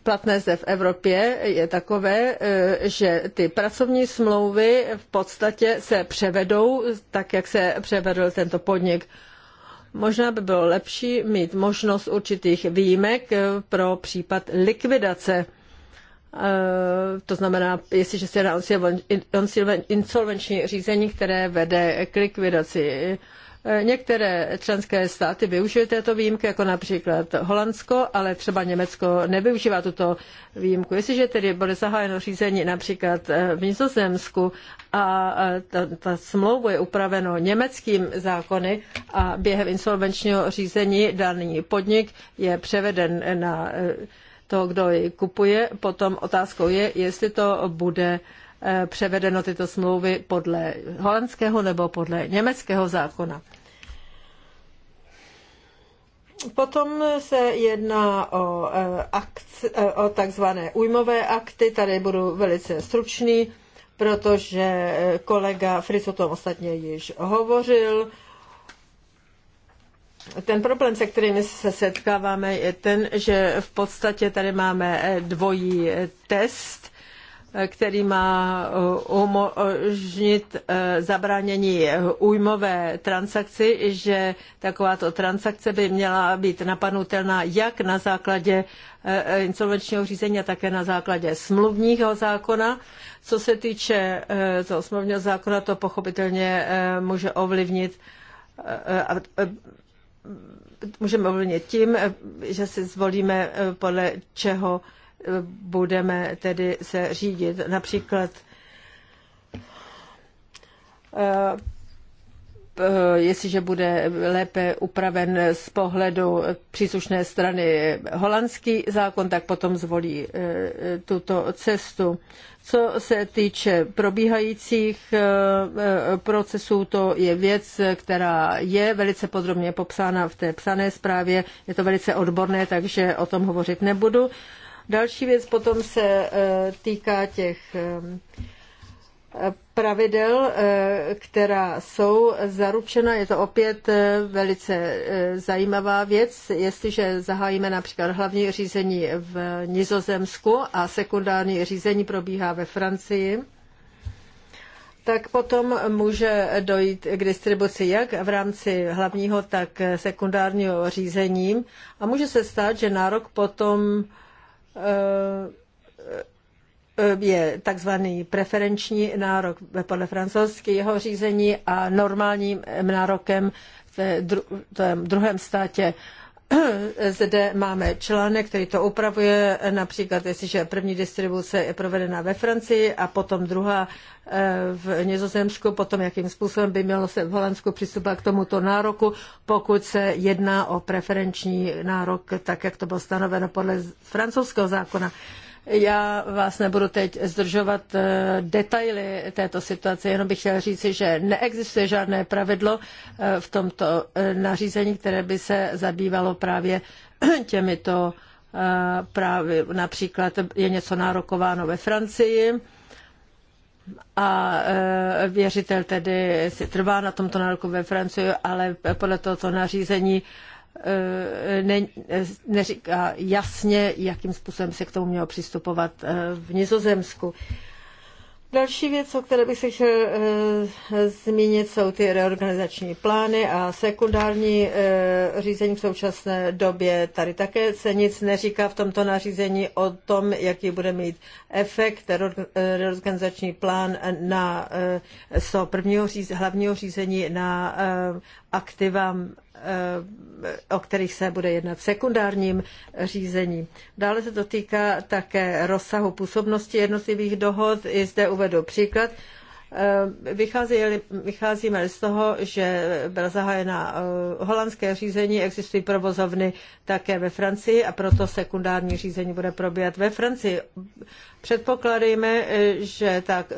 Speaker 2: platné zde v Evropě je takové, že ty pracovní smlouvy v podstatě se převedou tak, jak se převedl tento podnik. Možná by bylo lepší mít možnost určitých výjimek pro případ likvidace. To znamená, jestliže se jedná o insolvenční řízení, které vede k likvidaci Některé členské státy využily této výjimky, jako například Holandsko, ale třeba Německo nevyužívá tuto výjimku. Jestliže tedy bude zahájeno řízení například eh, v Nizozemsku a eh, ta, ta smlouva je upraveno německým zákony a během insolvenčního řízení daný podnik je převeden na eh, to, kdo ji kupuje, potom otázkou je, jestli to bude převedeno tyto smlouvy podle holandského nebo podle německého zákona. Potom se jedná o, e, akci, e, o takzvané újmové akty. Tady budu velice stručný, protože e, kolega Fritz o tom ostatně již hovořil. Ten problém, se kterým se setkáváme, je ten, že v podstatě tady máme dvojí test který má eh, umožnit eh, zabránění újmové transakci, že takováto transakce by měla být napadnutelná jak na základě eh, insolvenčního řízení a také na základě smluvního zákona. Co se týče toho smluvního zákona, to pochopitelně může ovlivnit můžeme ovlivnit tím, že si zvolíme podle čeho budeme tedy se řídit. Například eh, eh, jestliže bude lépe upraven z pohledu příslušné strany holandský zákon, tak potom zvolí eh, tuto cestu. Co se týče probíhajících procesů, to je věc, která je velice podrobně popsána v té psané zprávě. Je to velice odborné, takže o tom hovořit nebudu. Další věc potom se eh, týká těch eh, pravidel, eh, která jsou zaručena. Je to opět velice zajímavá věc. Jestliže zahájíme například hlavní řízení v Nizozemsku a sekundární řízení probíhá ve Francii, tak potom může dojít k distribuci jak v rámci hlavního, tak sekundárního řízení a může se stát, že nárok potom Eh, eh, je takzvaný preferenční nárok podle francouzského řízení a normálním nárokem v druhém státě Zde máme článek, který to upravuje, například jestliže první distribuce je provedena ve Francii a potom druhá eh, v Nizozemsku, potom jakým způsobem by mělo se v Holandsku přistupovat k tomuto nároku, pokud se jedná o preferenční nárok, tak jak to bylo stanoveno podle francouzského zákona. Já vás nebudu teď zdržovat eh, detaily této situace, jenom bych chtěla říci, že neexistuje žádné pravidlo eh, v tomto eh, nařízení, které by se zabývalo právě těmito právě. Například je něco nárokováno ve Francii, a věřitel tedy si trvá na tomto nároku ve Francii, ale podle tohoto nařízení ne, neříká jasně, jakým způsobem se k tomu mělo přistupovat eh, v Nizozemsku. Další věc, o které bych se chtěl eh, zmínit, jsou ty reorganizační plány a sekundární eh, řízení v současné době. Tady také se nic neříká v tomto nařízení o tom, jaký bude mít efekt reorganizační plán na, z prvního hlavního řízení na aktiva Eh, o kterých se bude jednat v sekundárním řízení. Dále se to týká také rozsahu působnosti jednotlivých dohod. I zde uvedu příklad. Eh, vycházíme z toho, že byla zahájena eh, holandské řízení, existují provozovny také ve Francii a proto sekundární řízení bude probíhat ve Francii. Předpokládejme, že tak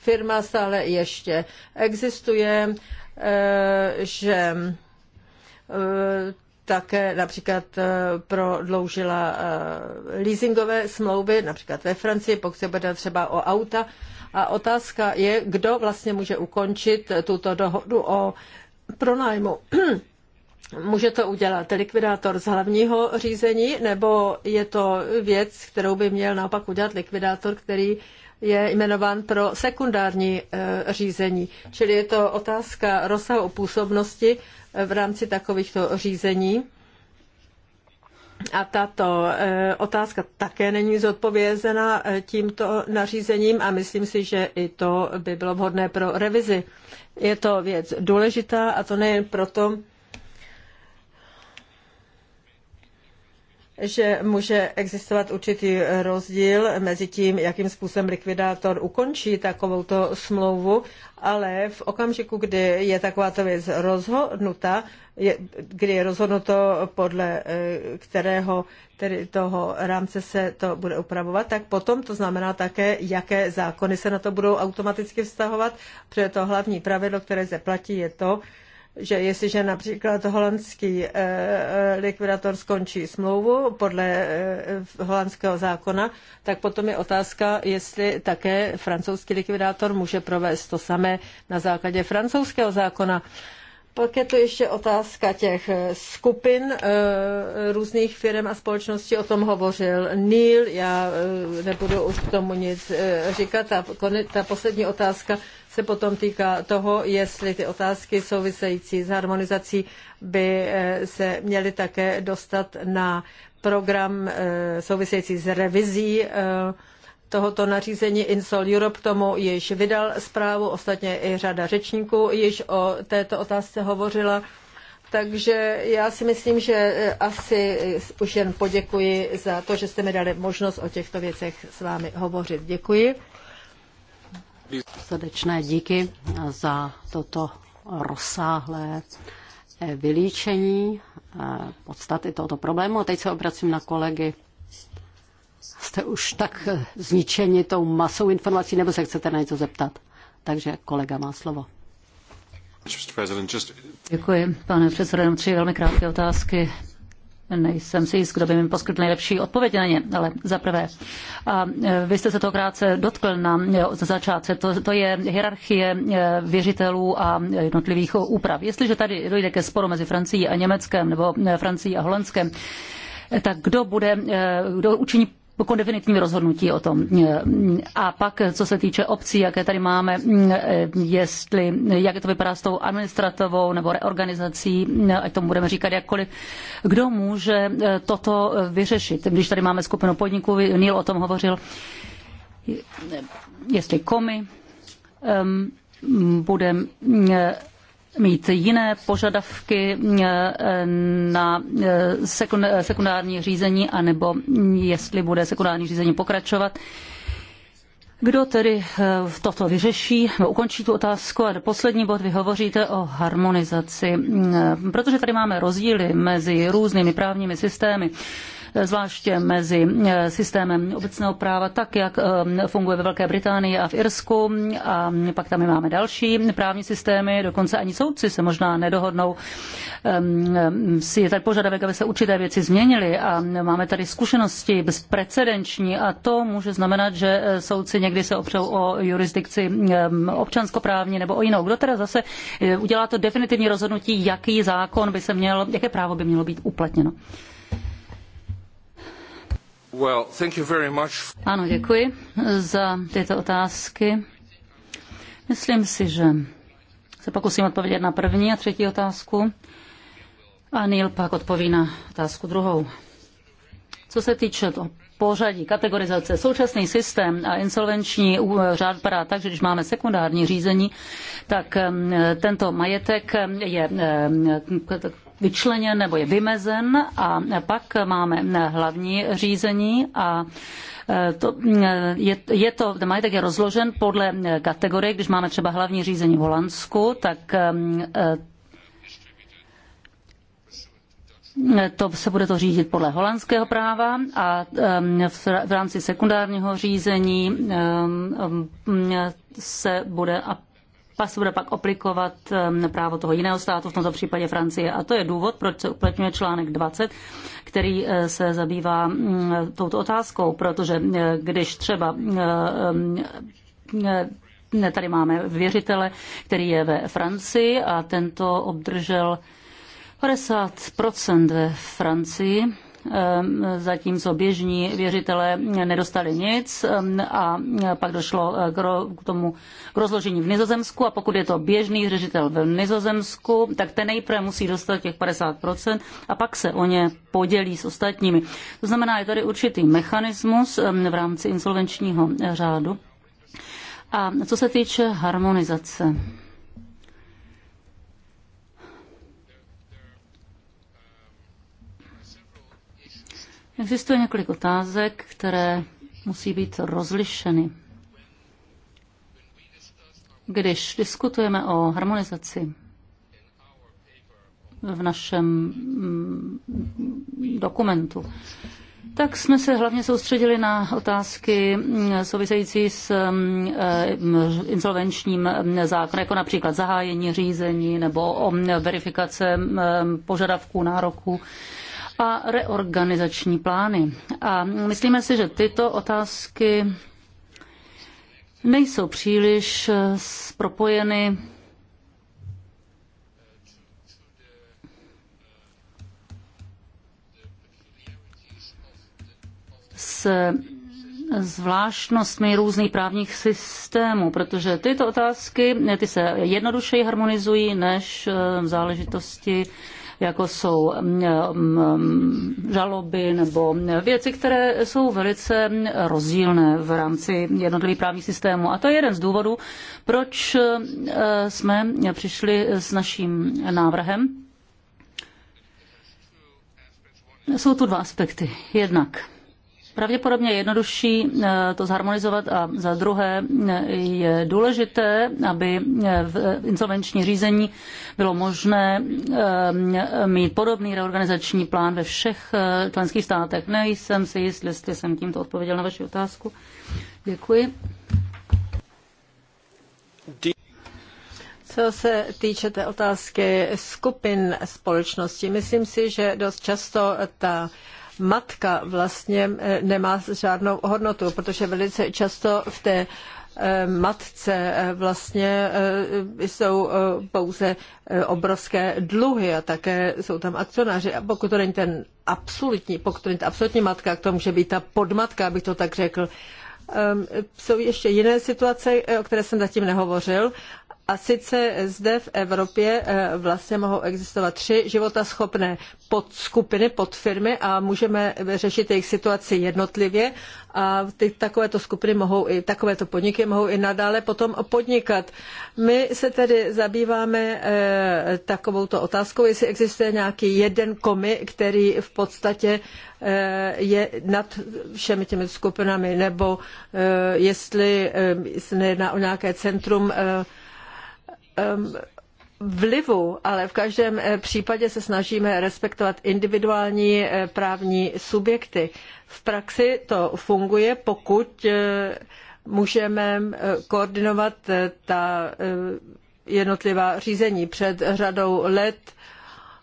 Speaker 2: firma stále ještě existuje, že Eh, také například eh, prodloužila eh, leasingové smlouvy, například ve Francii, pokud se bude třeba o auta. A otázka je, kdo vlastně může ukončit tuto dohodu o pronájmu. Může to udělat likvidátor z hlavního řízení, nebo je to věc, kterou by měl naopak udělat likvidátor, který je jmenován pro sekundární řízení. Čili je to otázka rozsahu působnosti v rámci takovýchto řízení. A tato eh, otázka také není zodpovězena eh, tímto nařízením a myslím si, že i to by bylo vhodné pro revizi. Je to věc důležitá a to nejen proto, že může existovat určitý rozdíl mezi tím, jakým způsobem likvidátor ukončí takovouto smlouvu, ale v okamžiku, kdy je takováto věc rozhodnuta, je, kdy je rozhodnuto, podle eh, kterého tedy toho rámce se to bude upravovat, tak potom to znamená také, jaké zákony se na to budou automaticky vztahovat, protože to hlavní pravidlo, které se platí, je to, že jestliže například holandský eh, eh, likvidátor skončí smlouvu podle eh, holandského zákona, tak potom je otázka, jestli také francouzský likvidátor může provést to samé na základě francouzského zákona. Pak je to ještě otázka těch eh, skupin eh, různých firm a společností, o tom hovořil Neil, já eh, nebudu už k tomu nic říkat. Ta, ta poslední otázka se potom týká toho, jestli ty otázky související s harmonizací by se měly také dostat na program související s revizí tohoto nařízení Insol Europe tomu již vydal zprávu, ostatně i řada řečníků již o této otázce hovořila. Takže já si myslím, že eh, asi eh, už jen poděkuji za to,
Speaker 1: že jste mi dali možnost o těchto věcech s vámi hovořit. Děkuji. Srdečné díky za toto rozsáhlé eh, vylíčení podstaty tohoto problému. A teď se obracím na kolegy jste už tak eh, zničeni tou masou informací, nebo se chcete na něco zeptat? Takže kolega má slovo. Děkuji,
Speaker 3: pane předsedo, jenom tři velmi krátké otázky. Nejsem si jist, kdo by mi poskytl nejlepší odpověď na ně, ale za prvé. A eh, vy jste se to krátce dotkl na eh, začátce. To, to je hierarchie věřitelů a jednotlivých úprav. Jestliže tady dojde ke sporu mezi Francií a Německem nebo Francií a Holandskem, tak kdo bude, kdo učiní po jako definitivním rozhodnutí o tom. E, a pak, co se týče obcí, jaké tady máme, e, jestli, jak to vypadá s tou administrativou nebo reorganizací, e, ať tomu budeme říkat jakkoliv, kdo může toto vyřešit. Když tady máme skupinu podniků, Neil o tom hovořil, jestli komi, um, bude mít jiné požadavky eh, na eh, sekundární řízení, anebo jestli bude sekundární řízení pokračovat. Kdo tedy eh, toto vyřeší, ukončí tu otázku a poslední bod, vy hovoříte o harmonizaci, mm, protože tady máme rozdíly mezi různými právními systémy zvláště mezi eh, systémem obecného práva, tak jak eh, funguje ve Velké Británii a v Irsku. A pak tam máme další právní systémy, dokonce ani soudci se možná nedohodnou. Ehm, ehm, si je tady požadavek, aby se určité věci změnily a máme tady zkušenosti bezprecedenční a to může znamenat, že eh, soudci někdy se opřou o jurisdikci ehm, občanskoprávní nebo o jinou. Kdo teda zase udělá to definitivní rozhodnutí, jaký zákon by se měl, jaké právo by mělo být uplatněno?
Speaker 2: Ano, děkuji
Speaker 3: za tyto otázky. Myslím si, že se pokusím odpovědět na první a třetí otázku a Neil pak odpoví na otázku druhou. Co se týče toho pořadí kategorizace, současný systém a insolvenční řád padá tak, že když máme sekundární řízení, tak tento majetek je vyčleněn nebo je vymezen a pak máme hlavní řízení a e, to, e, je, je to, ten majetek je rozložen podle kategorie, když máme třeba hlavní řízení v Holandsku, tak e, to se bude to řídit podle holandského práva a v rámci sekundárního řízení se bude pak se bude pak aplikovat ehm, právo toho jiného státu, v tomto případě Francie. A to je důvod, proč se uplatňuje článek 20, který eh, se zabývá mm, touto otázkou, protože eh, když třeba eh, ehm, tady máme věřitele, který je ve Francii a tento obdržel 50% ve Francii Ehm, zatímco běžní věřitelé nedostali nic ehm, a pak došlo eh, k tomu k rozložení v Nizozemsku a pokud je to běžný věřitel v Nizozemsku, tak ten nejprve musí dostat těch 50% a pak se o ně podělí s ostatními. To znamená, je tady určitý mechanismus ehm, v rámci insolvenčního řádu. A co se týče harmonizace, Existuje několik otázek, které musí být rozlišeny. Když diskutujeme o harmonizaci v našem mm, dokumentu, tak jsme se hlavně soustředili na otázky mm, související s mm, eh, insolvenčním zákonem, jako například zahájení řízení nebo o verifikace požadavků, nároků a reorganizační plány. A myslíme si, že tyto otázky nejsou příliš eh, propojeny s zvláštnostmi různých právních systémů, protože tyto otázky eh, ty se jednodušeji harmonizují než eh, v záležitosti jako jsou mm, mm, žaloby nebo věci, které jsou velice rozdílné v rámci jednotlivých právních systémů. A to je jeden z důvodů, proč eh, jsme přišli s naším návrhem. Jsou tu dva aspekty. Jednak pravděpodobně je jednodušší eh, to zharmonizovat a za druhé eh, je důležité, aby eh, v insolvenční řízení bylo možné mít podobný reorganizační plán ve všech členských státech. Nejsem si jist,
Speaker 2: jestli jsem tímto odpověděl na vaši otázku. Děkuji. Co se týče té otázky skupin společnosti, myslím si, že dost často ta matka vlastně eh, nemá žádnou hodnotu, protože velice často v té eh, matce eh, vlastně jsou pouze obrovské dluhy a také jsou tam akcionáři. A pokud to není ten absolutní, pokud to není ta absolutní matka, to může být ta podmatka, abych to tak řekl. Ehm, jsou ještě jiné situace, o které jsem zatím nehovořil, a sice zde v Evropě eh, vlastně mohou existovat tři životaschopné podskupiny, podfirmy a můžeme řešit jejich situaci jednotlivě a ty, takovéto skupiny mohou i, takovéto podniky mohou i nadále potom podnikat. My se tedy zabýváme e, takovouto otázkou, jestli existuje nějaký jeden komi, který v podstatě e, je nad všemi těmi skupinami, nebo e, jestli e, se nejedná o nějaké centrum e, vlivu, ale v každém eh, případě se snažíme respektovat individuální eh, právní subjekty. V praxi to funguje, pokud eh, můžeme koordinovat ta jednotlivá řízení. Před řadou let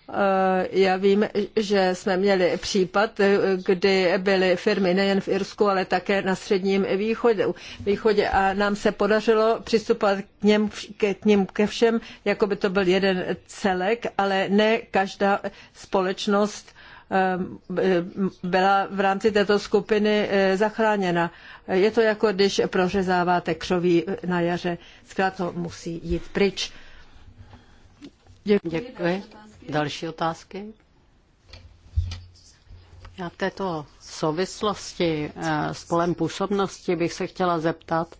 Speaker 2: Eh, já vím, že jsme měli případ, eh, kdy byly firmy nejen v Irsku, ale také na Středním východě, východě a nám se podařilo přistupovat k něm, k něm ke všem, jako by to byl jeden celek, ale ne každá společnost eh, byla v rámci této skupiny zachráněna. Je to jako když prořezáváte křoví na jaře.
Speaker 1: Zkrátka musí jít pryč. Děkuji. Děkuji. Další otázky? Já v této souvislosti eh, s polem působnosti bych se chtěla zeptat,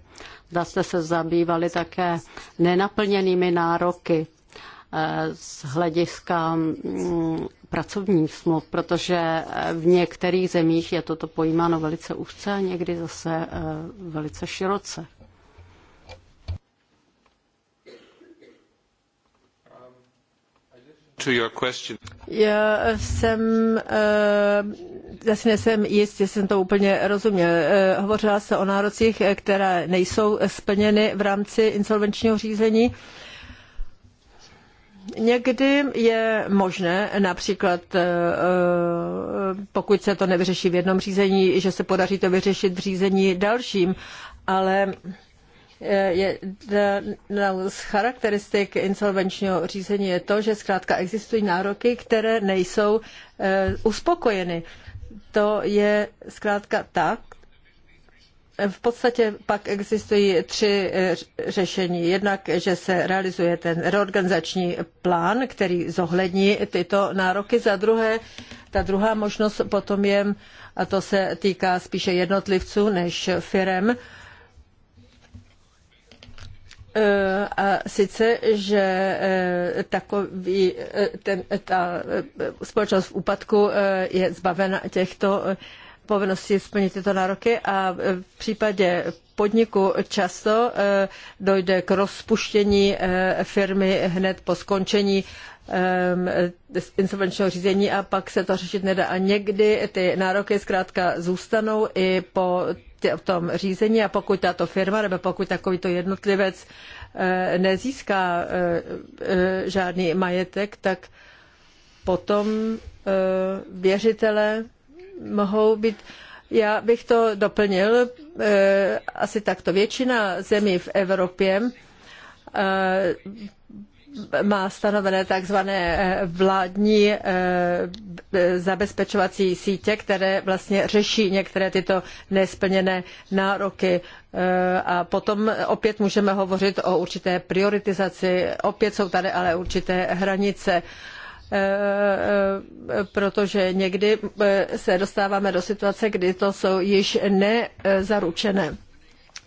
Speaker 1: zda jste se zabývali také nenaplněnými nároky eh, z hlediska mm, pracovních smluv, protože eh, v některých zemích je toto pojímáno velice úzce a někdy zase velice široce.
Speaker 2: Já jsem, eh, jasně jsem jist, jsem to úplně rozuměl. Eh, hovořila jste o nárocích, eh, které nejsou splněny v rámci insolvenčního řízení. Někdy je možné, například pokud se to nevyřeší v jednom řízení, že se podaří to vyřešit v řízení dalším, ale Jedna z charakteristik insolvenčního řízení je to, že zkrátka existují nároky, které nejsou e, uspokojeny. To je zkrátka tak, v podstatě pak existují tři e, řešení. Jednak, že se realizuje ten reorganizační plán, který zohlední tyto nároky. Za druhé, ta druhá možnost potom je, a to se týká spíše jednotlivců než firem, E, a sice, že e, takový, e, ten, ta společnost v úpadku je zbavena těchto povinností splnit tyto nároky a v případě podniku často dojde k rozpuštění firmy hned po skončení insolvenčního řízení a pak se to řešit nedá. A někdy ty nároky zkrátka zůstanou i po v tom řízení a pokud tato firma nebo pokud takovýto jednotlivec eh, nezíská eh, eh, žádný majetek, tak potom věřitele mohou být. Já bych to doplnil asi takto. Většina zemí v Evropě má stanovené takzvané eh, vládní eh, eh, zabezpečovací sítě, které vlastně řeší některé tyto nesplněné nároky. A potom opět můžeme hovořit o určité prioritizaci, opět jsou tady ale určité hranice protože někdy se dostáváme do situace, kdy to jsou již nezaručené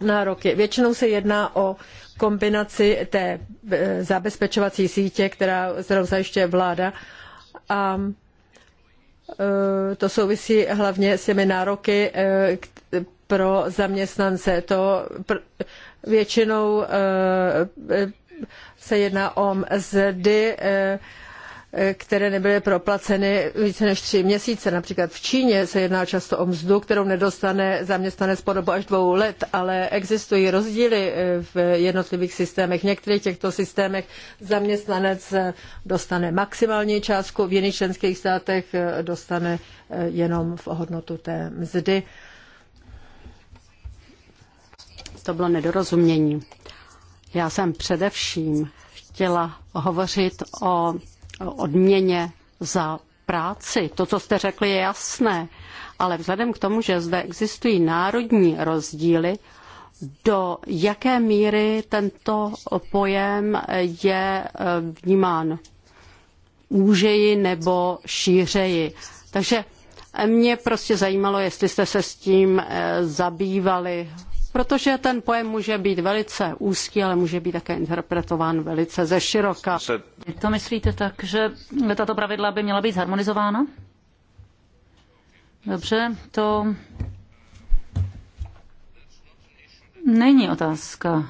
Speaker 2: nároky. Většinou se jedná o kombinaci té eh, zabezpečovací sítě, která, kterou zajišťuje vláda. A eh, to souvisí hlavně s těmi nároky eh, pro zaměstnance. To většinou se jedná o mzdy které nebyly proplaceny více než tři měsíce. Například v Číně se jedná často o mzdu, kterou nedostane zaměstnanec po dobu až dvou let, ale existují rozdíly eh, v jednotlivých systémech. V některých těchto systémech zaměstnanec eh, dostane maximální částku, v jiných členských státech eh, dostane jenom v hodnotu té mzdy.
Speaker 1: To bylo nedorozumění. Já jsem především chtěla hovořit o odměně za práci. To, co jste řekli, je jasné, ale vzhledem k tomu, že zde existují národní rozdíly, do jaké míry tento pojem je eh, vnímán úžeji nebo šířeji. Takže mě prostě zajímalo, jestli jste se s tím eh, zabývali protože ten pojem může být velice úzký, ale může být také interpretován velice ze široka. To myslíte tak, že tato
Speaker 3: pravidla by měla být harmonizována?
Speaker 1: Dobře, to
Speaker 3: není otázka,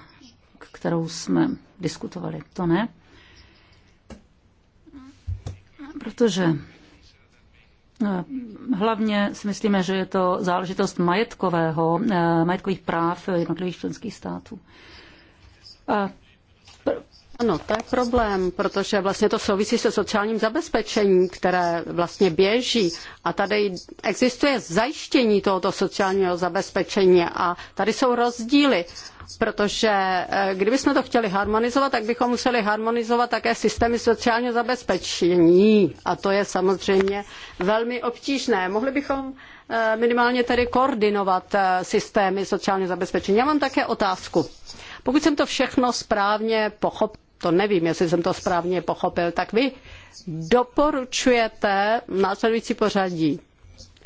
Speaker 3: kterou jsme diskutovali. To ne. Protože Eh, hlavně si myslíme, že je to záležitost majetkového, eh, majetkových práv jednotlivých členských států.
Speaker 1: A ano, to je problém, protože vlastně to souvisí se sociálním zabezpečením, které vlastně běží. A tady existuje zajištění tohoto sociálního zabezpečení a tady jsou rozdíly protože eh, kdybychom to chtěli harmonizovat, tak bychom museli harmonizovat také systémy sociálního zabezpečení a to je samozřejmě velmi obtížné. Mohli bychom eh, minimálně tedy koordinovat eh, systémy sociálního zabezpečení. Já mám také otázku. Pokud jsem to všechno správně pochopil, to nevím, jestli jsem to správně pochopil, tak vy doporučujete následující pořadí.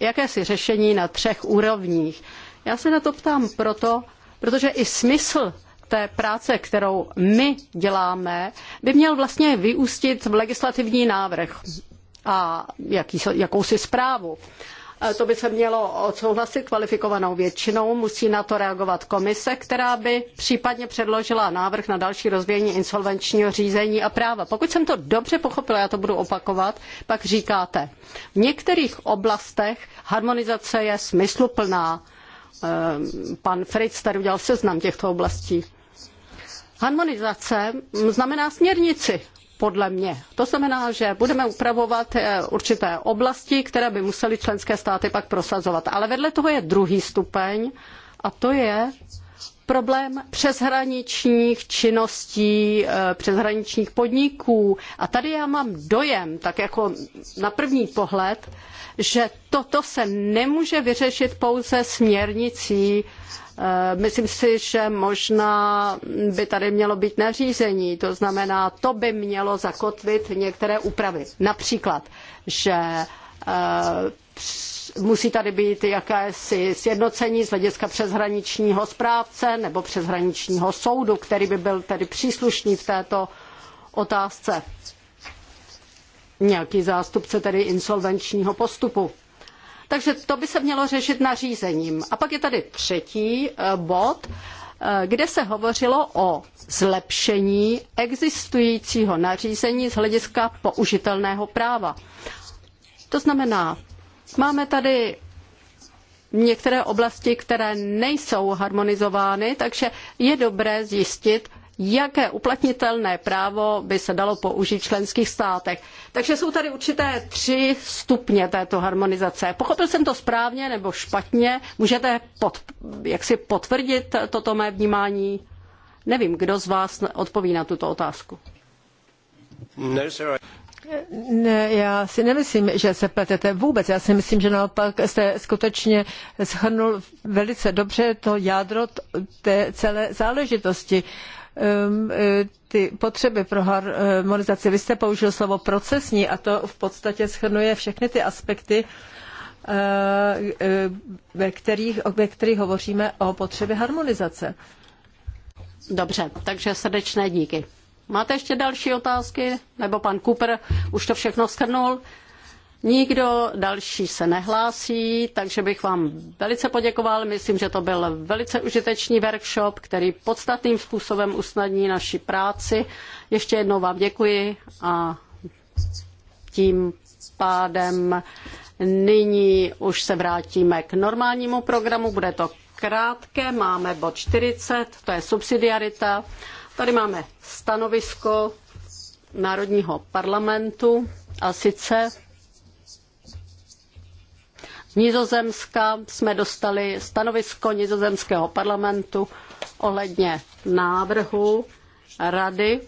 Speaker 1: Jakési řešení na třech úrovních. Já se na to ptám proto, protože i smysl té práce, kterou my děláme, by měl vlastně vyústit v legislativní návrh a jaký, jakousi zprávu. To by se mělo odsouhlasit kvalifikovanou většinou, musí na to reagovat komise, která by případně předložila návrh na další rozvíjení insolvenčního řízení a práva. Pokud jsem to dobře pochopila, já to budu opakovat, pak říkáte, v některých oblastech harmonizace je smysluplná, Eh, pan Fritz tady udělal seznam těchto oblastí. Harmonizace znamená směrnici, podle mě. To znamená, že budeme upravovat eh, určité oblasti, které by musely členské státy pak prosazovat. Ale vedle toho je druhý stupeň a to je problém přeshraničních činností, eh, přeshraničních podniků. A tady já mám dojem, tak jako na první pohled, že toto se nemůže vyřešit pouze směrnicí. Eh, myslím si, že možná by tady mělo být nařízení, to znamená, to by mělo zakotvit některé úpravy. Například, že eh, musí tady být jakési sjednocení z hlediska přeshraničního správce nebo přeshraničního soudu, který by byl tedy příslušný v této otázce. Nějaký zástupce tedy insolvenčního postupu. Takže to by se mělo řešit nařízením. A pak je tady třetí eh, bod, eh, kde se hovořilo o zlepšení existujícího nařízení z hlediska použitelného práva. To znamená, Máme tady některé oblasti, které nejsou harmonizovány, takže je dobré zjistit, jaké uplatnitelné právo by se dalo použít v členských státech. Takže jsou tady určité tři stupně této harmonizace. Pochopil jsem to správně nebo špatně? Můžete pod, jak si potvrdit toto mé vnímání? Nevím, kdo z vás odpoví na tuto otázku. No, ne,
Speaker 2: já si nemyslím, že se pletete vůbec. Já si myslím, že naopak jste skutečně shrnul velice dobře to jádro té celé záležitosti. Ehm, e, ty potřeby pro harmonizaci, vy jste použil slovo procesní a to v podstatě shrnuje všechny ty aspekty, eh, e, ve kterých,
Speaker 1: ve kterých hovoříme o potřebě harmonizace. Dobře, takže srdečné díky. Máte ještě další otázky? Nebo pan Cooper už to všechno schrnul? Nikdo další se nehlásí, takže bych vám velice poděkoval. Myslím, že to byl velice užitečný workshop, který podstatným způsobem usnadní naši práci. Ještě jednou vám děkuji a tím pádem nyní už se vrátíme k normálnímu programu. Bude to krátké, máme bod 40, to je subsidiarita. Tady máme stanovisko Národního parlamentu a sice z Nizozemska jsme dostali stanovisko Nizozemského parlamentu ohledně návrhu rady,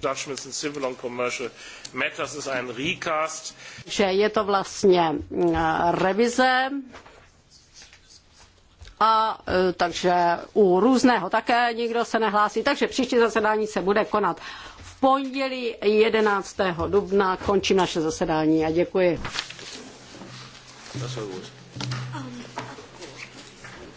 Speaker 1: že je to vlastně eh, revize a e, takže u různého také nikdo se nehlásí, takže příští zasedání se bude konat v pondělí 11. dubna. Končím naše zasedání a děkuji.